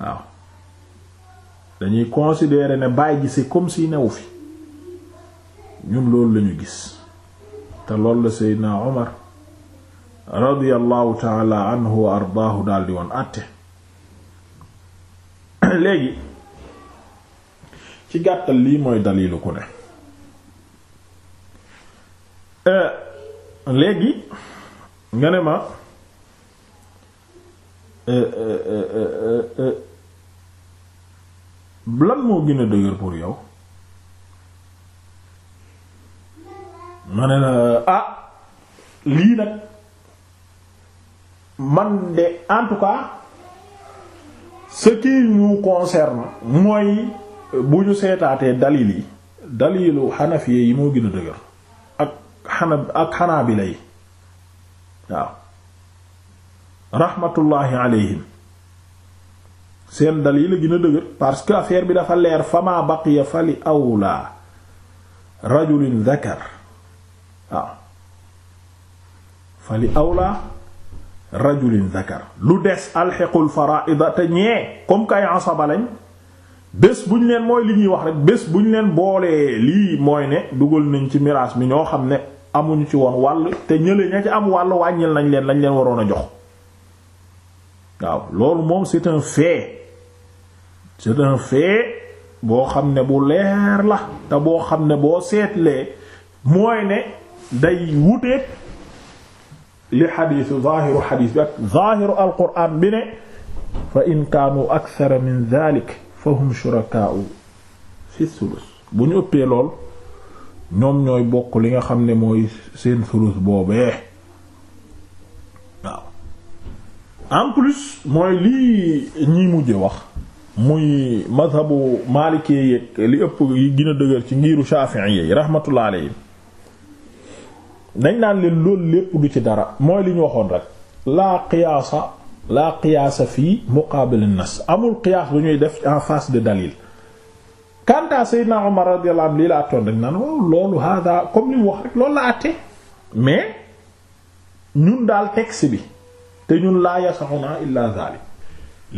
waaw dañuy considérer ne bàyyi ji c'est comme newu fi ñun loolu lañu gis te loolu la Seydina Omar radiyallahu taala anhu wa daldi woon àtte léegi ci gàttal lii mooy dalilu ku ne euh, léegi nga ne ma eh, eh, eh, lan moo gën a dëgër pour yow ma ne la ah lii nag man de en tout cas ce qui nous concerne mooy bu ñu seetaatee dalil yi dalilu xanafiye yi moo gën dëgër ak xana ak xanaabila yi waaw rahmatullahi alayhim seen dal yi la gën a dëgër parce que affaire bi dafa leer fama baqiya fa li awla rajulin zakar waaw fa li awla rajulin zakar lu des alxiqul faraida te ñee comme kay asaba lañ bés bu ñu leen mooy li ñuy wax rek bés bu ñu leen boolee lii mooy ne dugal nañ ci miraas mi ñoo xam ne amuñu ci woon wàll te ñële ña ci am wàll wàññil nañ leen lañ leen waroon a jox waaw loolu moom c'est un fait c'est fait boo xam ne bu leer la te boo xam ne boo seetlee mooy ne day wuteet li xadiisu zaahiru xadiis bi ak zaahiru alquraan bi ne fa in kaanu akthara min dhalik fa hum shurakaa'u fi thuluth bu ñu ëppee lool ñoom ñooy bokk li nga xam ne mooy seen sulus boobee waaw en plus mooy lii ñi mujje wax muy mazhabu maalikee yeeg li ëpp yi gën a dëgër ci ngiiru Shafi'i yi rahmatullah alayhi dañ naan leen loolu lépp du ci dara mooy li ñu waxoon rek laa qiyaasa laa qiyaasa fii muqaabil nas amul qiyaas bu ñuy def en face de dalil kanta Seydina Omar radiyallahu anhu lii la attoon dañ naan waaw loolu hada comme li mu wax rek loolu la atte mais ñun daal texte bi te ñun laa yasaxuna illa zalik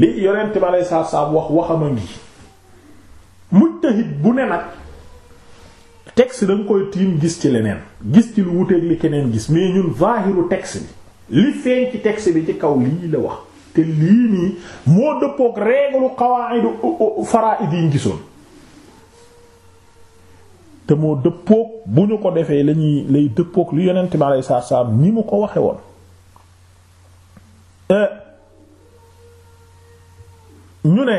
lii yonent bi alei saatu salaam wax waxama ngi mujtahid bu ne nag texte da koy tiim gis ci leneen gis ci lu wuteeg li keneen gis mais ñun zahiru texte bi li feeñ ci texte bi ci kaw lii la wax te lii nii moo dëppook reeglu xawaidu faraid yi ñu te moo dëppoog bu ñu ko defee lañuy lay dëppoog li yonent bi alayhi salaatu salaam ni mu ko waxe woon eh, ñu ne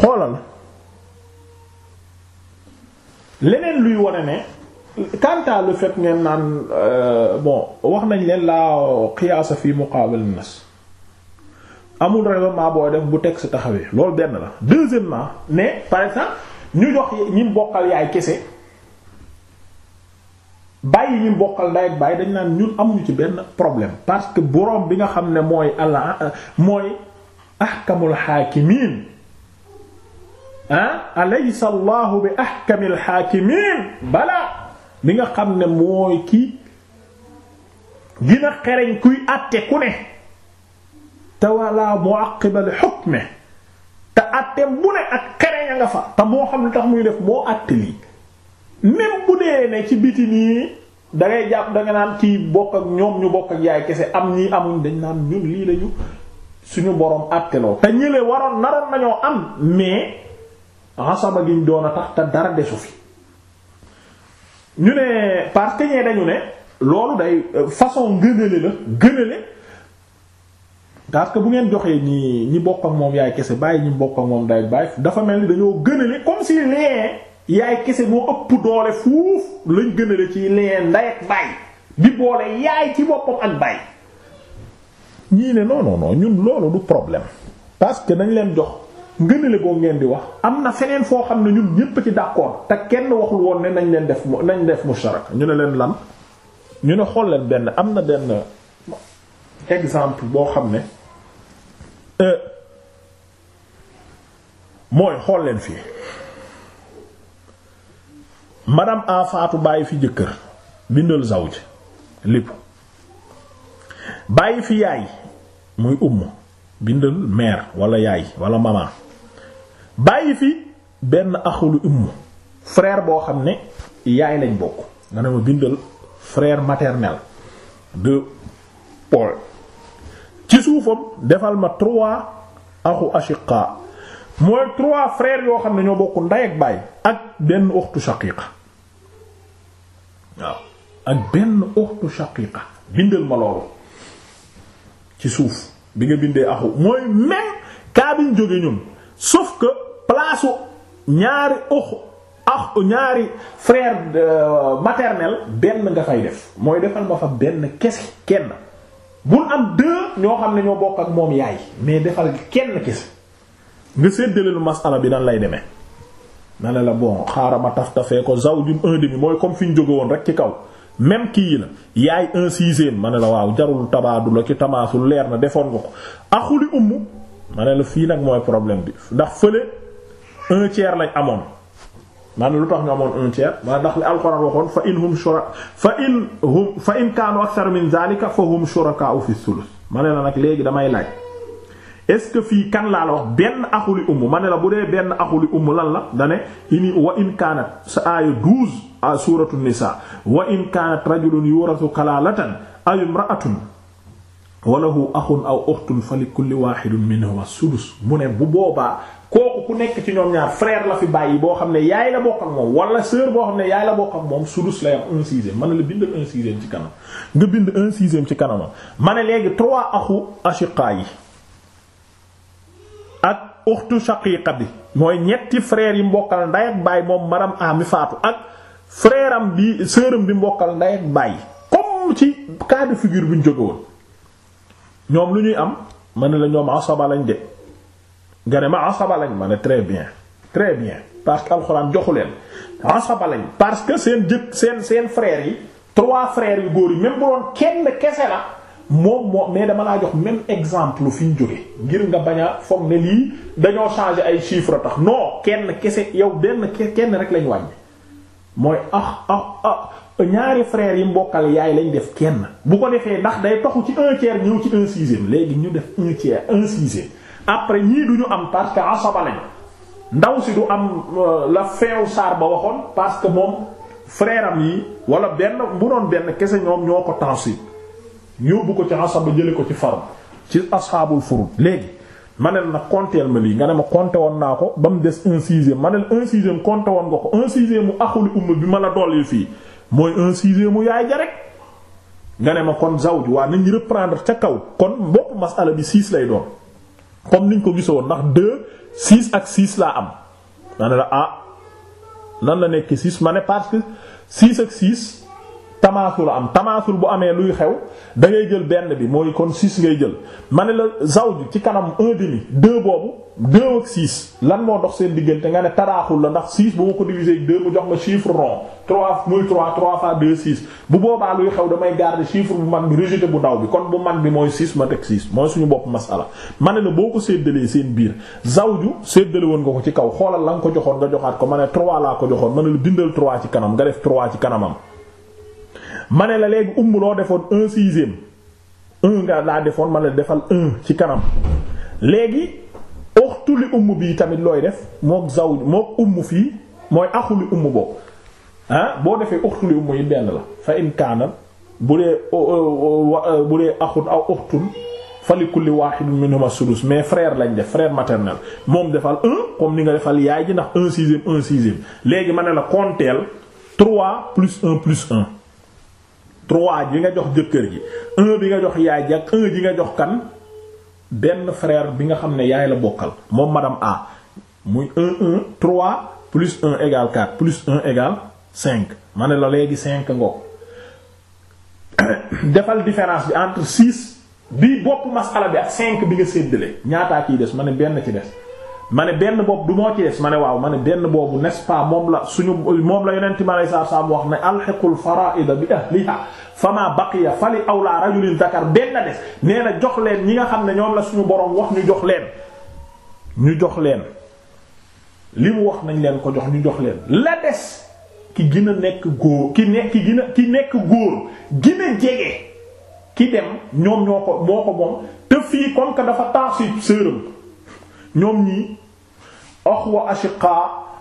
xoolal leneen luy wone ne quant à le ngeen naan euh, bon wax nañ leen laa qiyaasa fi muqaabil nas amul raisonnement booy def bu teg texte taxawee loolu benn la deuxièmement mais par exemple ñu jox ñim bokkal yaay kese bàyyi ñim bokkal ndey bàyyi dañ naan ñun amul ci benn problème parce que borom bi nga xam ne mooy Allah mooy ahkamul haakimiin ah alaysa allahu bi ahkamil haakimiin bala bi nga xam ne mooy ki dina a xereñ kuy àtte ku ne te walla mu'aqqiba li hukmi te àtteem bu ne ak xere ya nga fa te moo xam li tax muy def moo àtte lii même bu dee ne ci biti nii dangay jàpp danga naan kii bokk ak ñoom ñu bokk ak yaay kese am ñii amuñ dañ naan ñun lii lañu suñu borom àtteloo te ñële waroon naroon nañoo am mais xasaba giñ doon a tax te dara desu fi ñu ne parce ñee dañu ne loolu day euh, façon gënale la gënale parce que bu ngeen joxee ñi ñi bokk moom yaay kese bàyyi ñi bokk ak moom day bàyyi dafa mel ni dañoo gënale comme si lee yaay kese moo ëpp doore fuuf lañ gënale ci lee nday ak bàyyi bi boole yaay ci boppam an bàyyi. ñii ne non non ñun loolu du problème parce que dañ leen jox ngënale boo ngeen di wax am na feneen foo xam ne ñun ñépp ci d'accord te kenn waxul woon ne nañ leen def nañ def musharaka ñu ne leen lan ñu ne xool leen benn am na benn exemple boo xam ne. Euh, mooy xool leen fii madame a faatu bàyyi fi jëkkër bindal zawj lépp bàyyi fi yaay muy umm bindal mère wala yaay wala maman bàyyi fi benn axalu umm frère boo xam ne yaay lañ bokk nga ne ma bindal frère maternel de Paul ci suufam defal ma trois axu ashiqa mooy trois frères yoo xam ne ñoo bokk ndey ak baay ak benn uxtu shaqiqa waaw ak benn uxtu shaqiqa bindal ma loolu ci suuf bi nga bindee axu mooy même kaa jóge ñun sauf que place ñaari uxu axu ñaari frère euh, maternel benn nga fay def mooy defal ma fa benn kese kenn bul am deux ñoo xam ne ñoo bokk ak moom yaay mais defal kenn kese nga séddale lu masala bi nan lay demee. na ne la bon xaaral ma taf tafee ko zawjun un demi mooy comme fi ñu jóge woon rek ci kaw même kii la yaay un sixième ma ne la waaw jarul tabaadu ci ki tamaasul leer na defoon nga ko axuli umm ma ne la fii nag mooy problème bi ndax fële un tiers lañ amoon. man lu tax ñu amoon un tiers man ndax li alxuraan waxoon fa in hum shuraka fa in hum fa in kaanu akthar min zalika fa hum shurakaa'u fi sulus ma ne la nag léegi damay laaj ce que fii kan laa la wax benn ma la bu dee benn axuli umm lan la dane ini wa in kaanat sa aaya 12 suratu nisa wa in kaanat aw imra'atun wa lahu axun aw ukhtun fa li kulli mu ne bu boobaa kooku ku nekk ci ñoom ñaar frère la fi bàyyi boo xam ne yaay la bokk ak moom wala sœur boo xam ne yaay la bokk ak moom sudus la yam un sixième man la bind un sixième ci kanam nga bind un sixième ci kanamam ma ne léegi trois axu ashiqa yi ak uxtu shaqiqa bi mooy ñetti frère yi mbokkal nday ak baay moom maram ami faatu ak frère am bi sœuram bi mbokkal nday ak baay comme ci cas de figure bu woon ñoom lu ñuy am ma ne la ñoom asaba lañ de nga ne ma asaba lañ ma ne très bien très bien parce que alxuraan joxu leen asaba lañ parce que seen jëkk seen seen frères yi trois frères yu góor yi même bu doon kenn kese la moom moo mais dama laa jox même exemple fi ñu jóge ngir nga bañ a foog ne lii dañoo changer ay chiffres tax non kenn kese yow benn kenn rek lañu wàññi mooy ah ah ah ñaari frères yi mbokkal yaay lañ def kenn bu ko defee ndax day toxu ci un tiers ñëw ci un sixième léegi ñu def un tiers un après ñii du ñu am parce que asaba lañ ndaw si du am euh, la feew saar ba waxoon parce que moom frère am yi wala benn bu doon benn kese ñoom ñoo ko tansib yóbbu ko ci asaba jële ko ci faru ci asxaabul furud léegi ma ne nag konteel ma lii nga ne ma compté woon naa ko ba mu des un sixième ma ne un woon nga ko un sixième mu axuli umma bi ma la dolli fii mooy un sixième mu yaay ja rek nga ne ma kon zawj waa nañ reprendre ca kaw kon bopp masala bi six comme niñ ko gisoon ndax 2 6 ak 6 laa am ma ne la ah nan la nekk 6 ma ne parce que 6 ak 6 la am tamaasul bu amee luy xew da ngay jël benn bi mooy kon six ngay jël ma ne la zawju ci kanam un demi deux boobu deux ak six lan moo dox seen diggante nga ne taraaxul la ndax six bu ko diviser ak deux mu jox ma chiffre rond trois muy trois trois fois deux six bu boobaa luy xew damay garder chiffre bu mag bi rejeté bu ndaw bi kon bu mag bi mooy six ma teg six mooy suñu bopp masala ma ne la boo ko séddalee seen biir zawju séddale woon nga ko ci kaw xoolal la nga ko joxoon nga joxaat ko ma ne trois laa ko joxoon ma ne la bindal trois ci kanam nga def trois ci kanamam. ma ne la léegi umm loo defoon un sixième un nga laa defoon ma la defal un ci kanam léegi uxtu li umm bii tamit looy def mook zawj mook umm fii mooy axu li umm boobu ah boo defee uxtu li umm yi benn la fa in bu dee euh, bu dee axun aw uxtun fa li kulli wahidin minhuma sudus mais frère lañ def frère maternel moom defal un comme ni nga defal yaay ji ndax un sixième un sixième léegi ma ne la konteel trois plus un plus un trois bi nga jox jëkkër ji un bi nga jox yaay ji ak un nga jox kan benn frère bi nga xam ne yaay la bokkal moom madame A muy un un trois plus un égale quatre plus un égale cinq ma ne la léegi cinq ngo defal différence bi entre six bi bopp masala bi ak cinq bi nga séddale ñaataa kiy des ma ne benn ci des ma ne benn boobu du moo ci des ma ne waaw ma ne benn boobu n'est-ce pas moom la suñu moom la yonent ma lay saa saam wax ne alxiqul fara'ida bi ahliha fama baqiya fali awla rajulin dakar benn des nee na jox leen ñi nga xam ne ñoom la suñu boroom wax ñu jox leen ñu jox leen li mu wax nañ leen ko jox ñu jox leen la des ki gën a nekk góor ki nekk ki gën a ki nekk góor gën a jege ki dem ñoom ñoo ko moo ko moom te fii comme que dafa taasib séeram ñoom ñii axwa ashiqa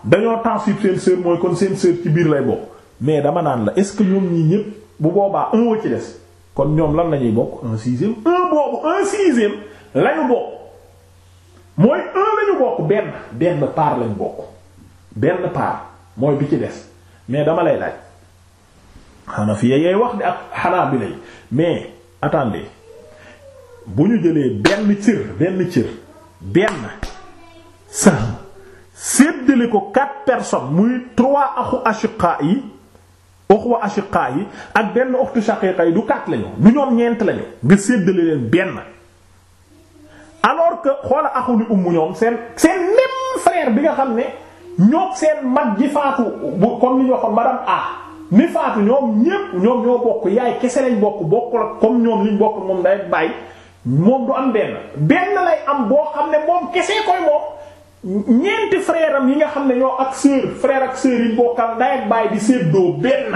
dañoo tansib seen sœur mooy kon seen sœur ci biir lay bokk mais dama naan la est-ce que ñoom ñii ñépp bu boobaa un ci des kon ñoom lan la ñuy bokk un sixième un boobu un sixième lañu bokk mooy un lañu bokk benn benn part lañu bokk benn part mooy bi ci des mais dama lay laaj Hanafiya yay wax di ak Hanabila mais attendez bu ñu jëlee benn cër benn cër benn sahm séddale ko quatre personnes muy trois axu ashiqa yi ak benn uxtu shaqiqa yi du quatre lañu du ñoom ñeent lañu nga séddale leen benn alors que xoola axu li ummu ñoom seen seen même frère bi nga xam ne ñoo seen mag ji faatu bu comme ni ñu waxoon madame ñoom ñépp bokk yaay kese ak comme ñoom liñ bokk moom day bàyyi. moom du am benn benn lay am boo xam ne moom kese koy moom ñeenti frère am yi nga xam ne ñoo ak sœur frère ak sœur yi bokkal ndey ak baay di séddoo benn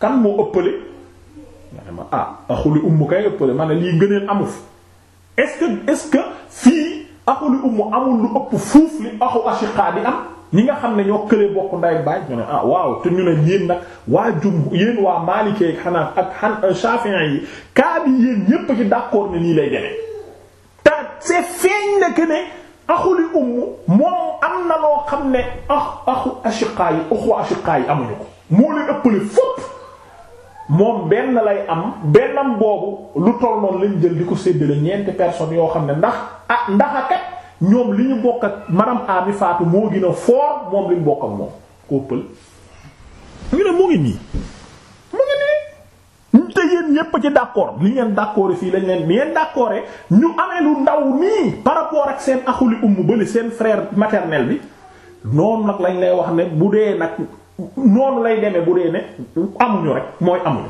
kan moo ëppale nga ne ma ah axuli umm kay ëppale ma lii gëneen amu fi est-ce que est-ce que fii axuli umm amul lu ëpp fuuf li axu ashiqa di am ñi nga xam ne ñoo kële bokk nday baaj ñu ne ah waaw te ñu ne yéen nag waa jum yéen waa Maalikee xanaa ak xan euh, Shafi'i yi kaa bi yéen ñépp ci d'accord ne nii lay demee te c'est feeñ na que axuli umm moom am na loo xam ne ah axu ashiqaa yi axu ashiqaa yi amuñu ko moo leen ëppale fopp moom benn lay am bennam boobu lu toll noonu lañ jël di ko séddale ñeenti personnes yoo xam ne ndax ah ndax a kat ñoom li ñu bokk ak madame A mi faatu moo gën a fort moom li ñu bokk ak moom koo pël ñu ne mu ngi nii mu ngi nii te yéen ñépp ci d'accord li ngeen d'accord fii lañ leen bi ngeen d'accord ñu amee lu ndaw nii par rapport seen axuli umm bali seen frère maternel bi noonu nag lañ lay wax ne bu dee nag noonu lay deme bu dee ne amuñu rek mooy amuñu.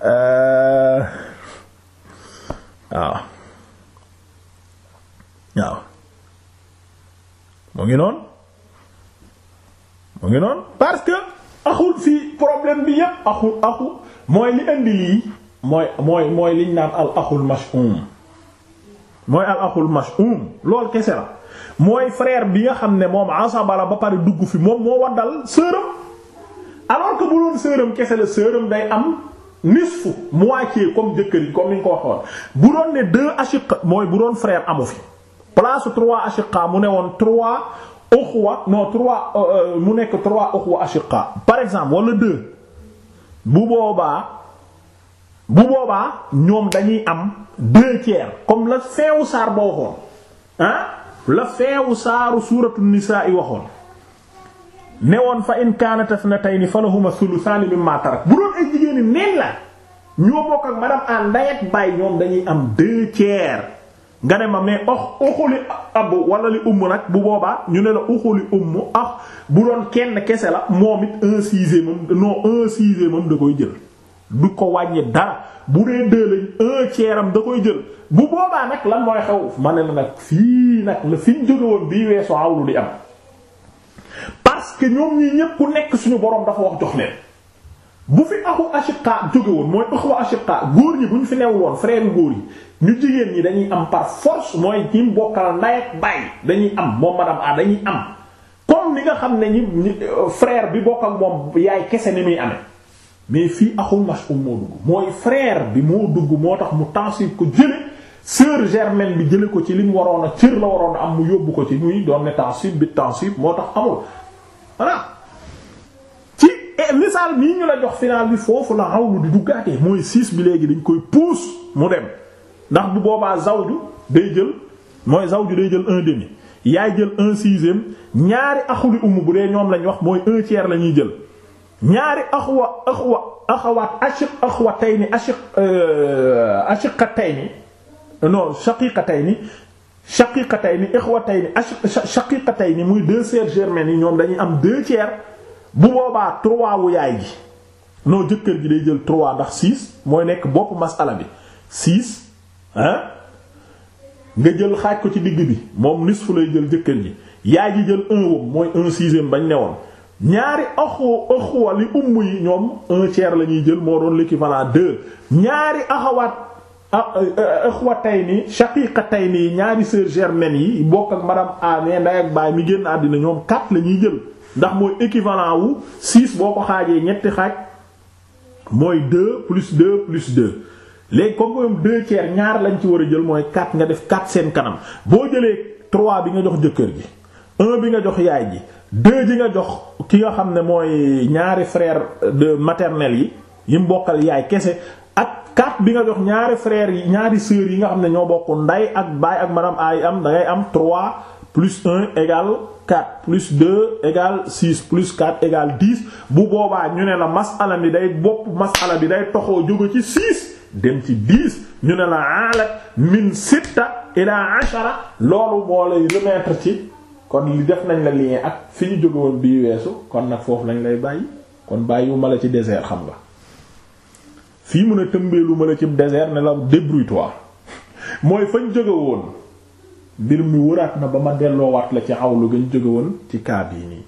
Euh, waaw waaw mu ngi noonu mu ngi noonu parce que axul fi problème bi yépp axul axu mooy li indi lii mooy mooy mooy liñ naan al axul mash'um mooy al axul mash'um loolu kese la mooy frère bi nga xam ne moom asaba la ba pare dugg fi moom moo waddal sœuram alors que bu doon sœuram kese la sœuram day am nisfu moitié comme jëkkër yi comme ni nga ko waxoon bu doon ne deux ashiqa mooy bu doon frère amu fi place trois ashiqa mu ne woon trois uxwa non trois euh, euh, mu nekk trois uxwa ashiqa par exemple wala deux bu boobaa bu boobaa ñoom dañuy am deux tiers comme la feewu saar boo waxoon la feewu saaru suuratu nisaa yi waxoon ne newoon fa in kaanat isnatayni falahuma thuluthaani mimmaa tarak bu doon ay jigéeni neen la ñoo bokk ak madame an ndey ak baay ñoom dañuy am deux tiers nga ne ma mais ox uxuli abu wala li umm nag bu boobaa ñu ne la uxuli umm ax bu doon kenn kese la moom it un sixième am non da koy jël du ko wàññi dara bu dee deux lañ un tiers da koy jël bu boobaa nag lan mooy xew ma ne la nag fii nag la fi ñu jóge bii weesu awlu di am parce que ñoom ñii ñépp nekk suñu borom dafa wax jox leen bu fi axu ashiqa jógewoon woon mooy axwa ashiqa góor ñi bu ñu fi new woon frère góor yi ñu jigéen ñi dañuy am par force mooy ñim bokkal nday ak baay dañuy am moom madame a dañuy am comme ni nga xam ne ñi euh, frère bi bokk ak moom yaay kese ni muy amee mais fii axul mashum moo dugg mooy frère bi moo dugg moo tax mu tansib ko jële sœur germaine bi jële ko ci li mu waroon a cër la waroon a am mu yóbbu ko ci ñuy doon ne tansib bi tansib moo tax amul voilà ci misaal mii ñu la jox final bi foofu la awlu di duggaatee mooy six bi léegi dañ koy puus mu dem ndax bu boobaa zawju day jël mooy zawju day jël un demi yaay jël un sixième ñaari axuli umu bu dee ñoom lañ wax mooy un tiers la ñuy jël ñaari axwa axwa axawaat ashiq axwa tayni ashiq euh, ashiqa tayni non shaqiqa tayni shaqiqatayni ikhwatayni shaqiqatayni muy deux sœurs germaines yi ñoom dañuy am deux tiers bu boobaa trois wu yaay ji non jëkkër ji day jël trois ndax six mooy nekk bopp masala bi six hein nga jël xaaj ko ci digg bi moom nisfu lay jël jëkkër ji yaay ji jël un wom mooy un sixième bañ newoon ñaari axu axuwa li umm yi ñoom un tiers la ñuy jël moo doon l'équivalent deux ñaari axawaat Ah, euh, euh, ikhwatayni shaqiqatayni yi ñaari sœurs germaines yi bokk ak madame A ne ndey ak baay mi génn àddina ñoom quatre la ñuy jël ndax mooy équivalent wu six boo ko xaajee ñetti xaaj mooy deux plus deux plus deux léegi comme moom deux tiers ñaar lañ ci war a jël mooy quatre nga def quatre seen kanam boo jëlee trois bi nga jox jëkkër ji un bi nga jox yaay ji deux ji nga jox ki nga xam ne mooy ñaari frère de maternel yi yi mu bokkal yaay kese quatre bi nga jox ñaari frères yi ñaari sœurs yi nga xam ne ñoo bokk nday ak baay ak madame ay am da ngay am trois plus un égale quatre plus deux égale six plus quatre égale dix bu boobaa ñu ne la masala mi day bopp masala bi day toxoo jóge ci six dem ci dix ñu ne la alat min sitta ila ashara loolu moo lay remettre ci kon li def nañ la lien ak fi ñu jóge woon bii weesu kon nag foofu lañ lay bàyyi kon bàyyiwuma la ci désert xam nga fii mun a tëmbeelu ma la ci désert ne la débrouille-toi mooy fañ jóge woon mbir mu wëraat na ba ma delloo delloowaat la ci awlu gañ jóge woon ci kaab yi nii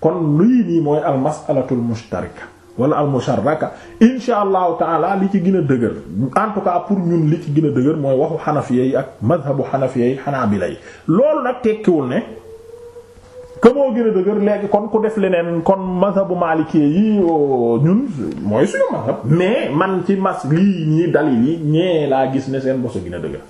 kon luy nii mooy al masalatul mushtarika wala al musharraka insha allahu taala li ci gën a dëgër en tout cas pour ñun li ci gën a dëgër mooy waxu xanafiya yi ak madhabu xanafiya xanaa bi yi loolu nag tekkiwul ne que moo gën a dëgër léegi kon ku def leneen kon mazhabu maalikee yi oh, ñun mooy suñu mazhab mais man ci mas lii ñii dalil yi ñee laa gis ne seen boso gën a dëgër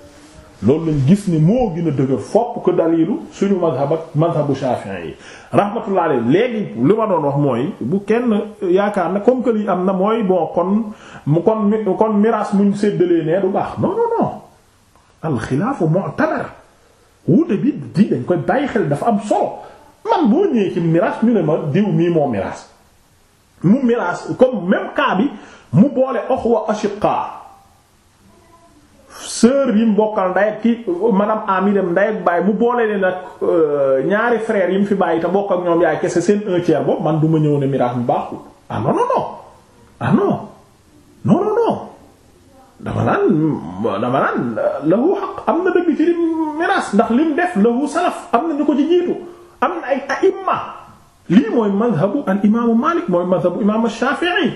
loolu lañ gis ni moo gën a dëgër fopp ko dalilu suñu mazhab ak mazhabu shafi'i yi rahmatullah léegi li ma doon wax mooy bu kenn yaakaar na comme que lii am na mooy bon kon mu kon kon miraas muñ séddalee nee du baax non non non alxilaafu mu'tabar wuute bi di dañ koy bàyyi xel dafa am solo man boo ñëwee ci miraas ñu ne ma diw mii moo miraas mu miraas comme même cas bi mu boole uxwa ashiqa sœur yi mu bokkal ndey ak ki maanaam am yi dem ndey ak mu boole leen ak euh, ñaari frère yi mu fi bàyyi te bokk ak ñoom yaay kese seen un boobu man du ma ñëw ne miraas mu baaxul ah non non non ah dama naan dama naan euh, lahu xaq am na dëgg ci miraas ndax lim def lahu salaf am na ñu ko ci jiitu. am na ay aïmma lii mooy madhabu al imaamu Malik mooy madhabu imaamu Shafi'i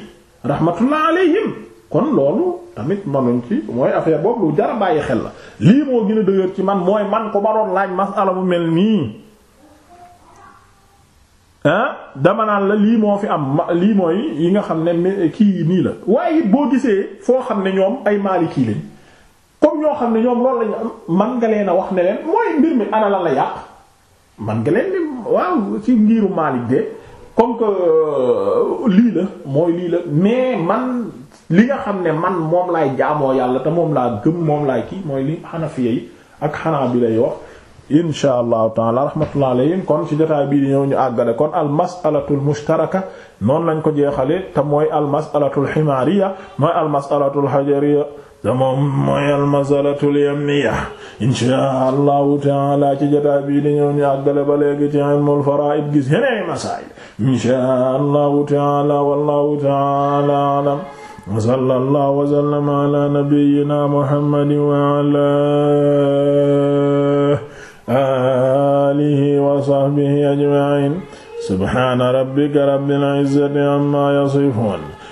tamit manuñ ci mooy boobu lu xel la lii moo a dëgër ci man mooy man ko ma doon laaj masala mu mel nii ah la lii moo fi am lii mooy yi nga xam ne kii nii la waaye it boo gisee foo xam ne ñoom ay Maliki lañ comme ñoo xam ne ñoom loolu lañ am man nga leen a wax ne leen mooy mbir mi ana la la yàq man nga leen ni waaw ci ngiru Malik de comme que euh, lii la mooy lii la mais man li nga xam ne man moom laay jaamoo yàlla te moom laa gëm moom laay kii mooy li Hanafiya yi ak xanaa yi wax insha allahu taala rahmatullah kon si jotaay bii di ñëw ñu àggale kon al masalatul mushtaraka noonu lañ ko jeexale te mooy al masalatul himaariya mooy al masalatul te moom mooy almasalatul yamiya inshaa allahu taala ci jotaay bii di ñëw ñu àggale ba léegi ci ilmul faraa'id gis yeneen masaa'il inshaa allahu taala wallahu taala alam wa sallallahu wa sallama ala nabiyyina muhammadin wa ala alihi wa sahbihi ajma'in subhana rabbika rabbil izzati amma yasifun